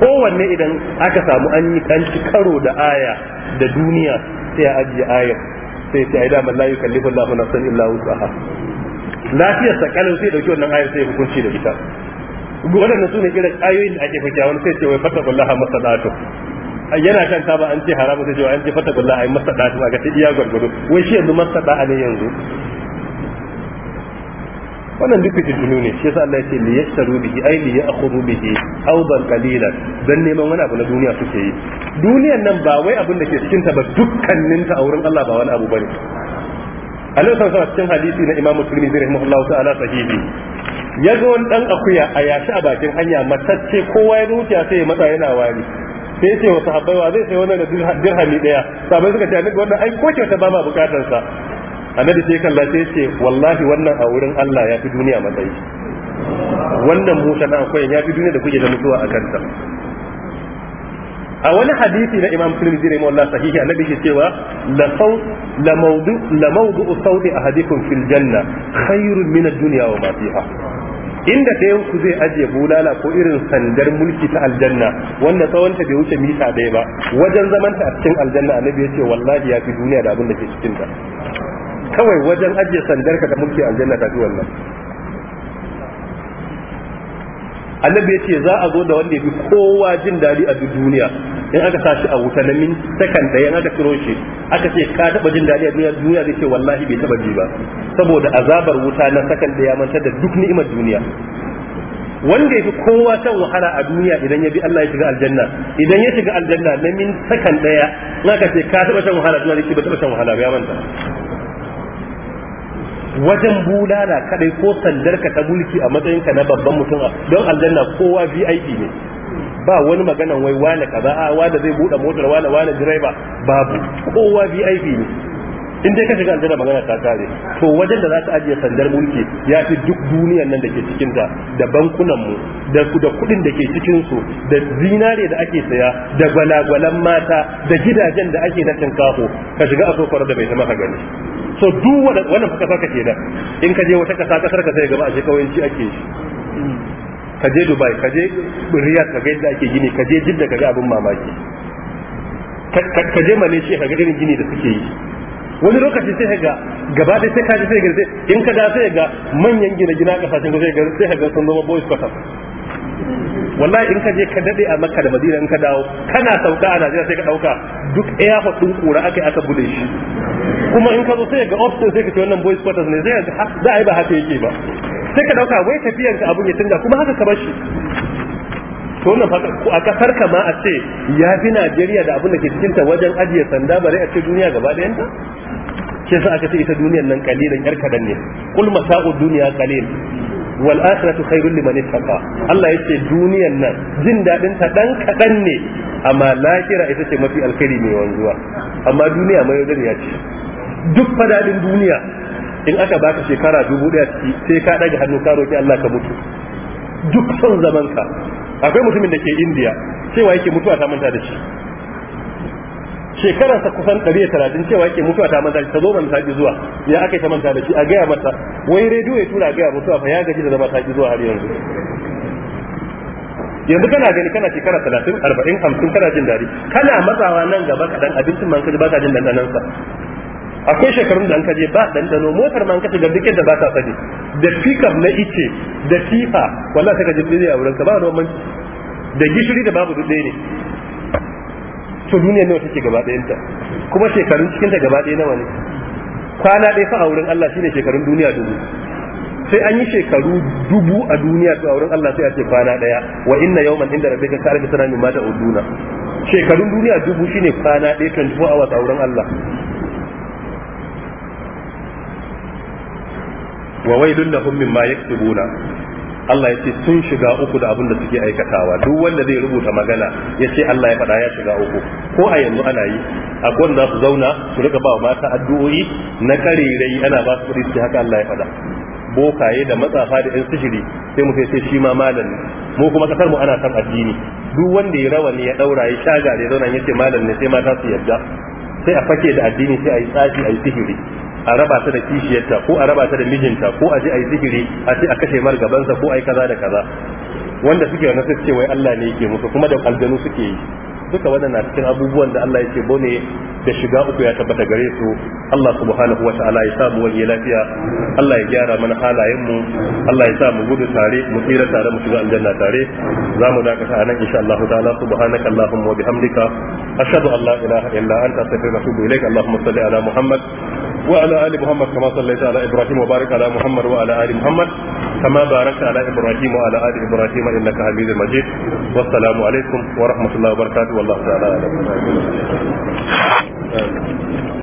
kowanne idan aka samu an yi kanci karo da aya da duniya sai ya ajiye aya sai ce ai dama la yukallifu Allahu nafsan illa aha lafiyar sa sai dauki wannan ayar sai hukunci da ita waɗannan su ne irin ayoyin da ake fita wani sai ce wai fata kullaha masadatu yana kan ta ba an ce haramu sai ce an ce fata kullaha ai a ga ta iya gwargwado wai shi yanzu masada ne yanzu wannan duk fitinu ne shi yasa Allah yake li yashtaru bihi ay li ya'khudhu bihi awdan qalilan dan neman wani abu na duniya suke yi duniyan nan ba wai abin da ke cikin ta ba dukkanin ta a wurin Allah ba wani abu bane Allah ya sa cikin hadisi na Imam Muslim rahimahullahu ta'ala sahihi ya ga wani dan akuya a yashi a bakin hanya matacce kowa ya rukiya sai ya matsa yana wari sai ce wa sahabbai wa zai sai wannan da dirhami daya sabai suka ce ni wannan ai ko kyauta ba ma bukatar sa annabi sai kalla sai ce wallahi wannan a wurin Allah ya fi duniya matsayi wannan musa na akwai ya fi duniya da kuke da mutuwa a kanta a wani hadisi na imam tirmidhi rahimahu Allah sahihi annabi ke cewa la saw la mawdu la mawdu sawti ahadikum fil janna khairun min ad-dunya wa ma fiha inda ɗayan ku zai ajiye bulala ko irin sandar mulki ta aljanna wanda tsawonta bai wuce mita ɗaya ba wajen zamanta a cikin aljanna annabi ya ce wallahi ya fi duniya da abin da ke cikin ta kawai wajen ajiye sandar ka da mulki aljanna ta fi wannan annabi ya ce za a zo da wanda ya fi kowa jin daɗi a duniya in aka sa shi a wuta na min sakan da yan aka ciro shi aka ce ka taɓa jin daɗi a duniya duniya zai ce wallahi bai taɓa ji ba saboda azabar wuta na second da ya manta da duk ni'imar duniya wanda ya fi kowa shan wahala a duniya idan ya bi Allah ya shiga aljanna idan ya shiga aljanna na min sakan daya in aka ce ka taɓa shan wahala duniya zai ce ba taɓa shan wahala ba ya manta wajen bulala kadai ko sandarka ta mulki a matsayinka na babban mutum don aljanna kowa VIP ne ba wani magana wai wane kaza a wanda zai bude motar wane wane direba babu kowa VIP ne in dai ka shiga aljanna magana ta kare to wajen da za ka ajiye sandar mulki ya fi duk duniyan nan da ke cikin ta da bankunan mu da da kudin da ke cikin su da zinare da ake saya da gwalagwalan mata da gidajen da ake na tinkaho ka shiga a sofar da bai maka gani so duk wannan fuka kasa kake da in ka je wata kasa kasar ka sai gaba a shekawanci ake shi ka je dubai ka je riyadh ka ga yadda ake gini ka je jidda ka ga abin mamaki ka je malaysia ka ga irin gini da suke yi wani lokaci sai ga gaba da sai kaji sai ga in ka da sai ga manyan gina gina kasashen ga sai ga sai ga sun zama boys quarter wallahi in ka je ka dade a makka da madina in ka dawo kana sauka a najeriya sai ka dauka duk airport din kura akai aka bude shi kuma in ka zo sai ga office sai ka ce wannan boys quarters ne sai ga za a yi ba haka yake ba sai ka dauka wai tafiyar ka abun ya canza kuma haka ka bar shi to wannan fa a kasar ka ma a ce ya fi najeriya da abun da ke cikin ta wajen ajiye sanda bare a ce duniya gaba ta. shi sa aka ce ita duniyar nan kalilan yar kadan ne kul masa'u dunya kalil wal akhiratu khairul liman ittaqa Allah yace duniyar nan jin dadin ta dan kadan ne amma lahira ita ce mafi alkhairi mai wanzuwa amma duniya mai ya ce duk fadadin duniya in aka baka shekara dubu daya sai ka daga hannu ka roki Allah ka mutu duk son zamanka akwai mutumin da ke indiya cewa yake mutuwa ta manta da shi shekararsa kusan 130 cewa yake mutuwa ta manta ta zo ban saki zuwa ya aka ta manta da shi a gaya mata wai rediyo ya tura gaya mutuwa fa ya gaji da zama saki zuwa har yanzu yanzu kana gani kana shekara talatin arba'in hamsin kana jin daɗi kana matsawa nan gaba kaɗan abincin man kaji ka jin nan sa akwai shekarun da an kaje ba dandano motar man kaji ga duk da ba ta sani da fikar na ice da fifa wallahi sai ka ji a wurin ka ba romanci da gishiri da babu dudde ne to duniya nawa take gaba ɗayanta kuma shekarun cikin ta gaba ɗaya nawa ne kwana ɗaya fa a wurin Allah shine shekarun duniya dubu sai an yi shekaru dubu a duniya to a wurin Allah sai a ce kwana ɗaya wa inna yawman inda rabbika ka alfi sanan mimma ta'uduna shekarun duniya dubu shine kwana ɗaya 24 hours a wurin Allah wa wailun lahum mimma yaktubuna Allah ya ce sun shiga uku da abin da suke aikatawa duk wanda zai rubuta magana ya ce Allah ya faɗa ya shiga uku ko a yanzu ana yi a za su zauna su rika ba mata addu'o'i na karerai ana ba su kuɗi haka Allah ya faɗa bokaye da matsafa da 'yan sihiri sai mu sai shi ma malam ne mu kuma kasar mu ana san addini duk wanda ya rawa ne ya daura ya shaga da zauna ce malam ne sai mata su yarda sai a fake da addini sai a yi tsafi a yi sihiri a raba ta da kishiyarta ko a raba ta da mijinta ko a je a yi sihiri a ce a kashe mar gabansa ko a yi kaza da kaza wanda suke wannan sai ce wai Allah ne yake musu kuma da aljanu suke yi duka waɗanda cikin abubuwan da Allah yake bone da shiga uku ya tabbata gare su Allah subhanahu wa ta'ala ya samu wani lafiya Allah ya gyara mana halayen mu Allah ya sa mu gudu tare mu tsira tare mu shiga aljanna tare za mu dakata a nan insha Allah ta'ala subhanaka allahumma wa bihamdika ashhadu an la ilaha illa anta astaghfiruka wa atubu ilaik allahumma salli ala muhammad وعلى ال محمد كما صليت على ابراهيم وبارك على محمد وعلى ال محمد كما باركت على ابراهيم وعلى ال ابراهيم انك حميد مجيد والسلام عليكم ورحمه الله وبركاته والله تعالى اعلم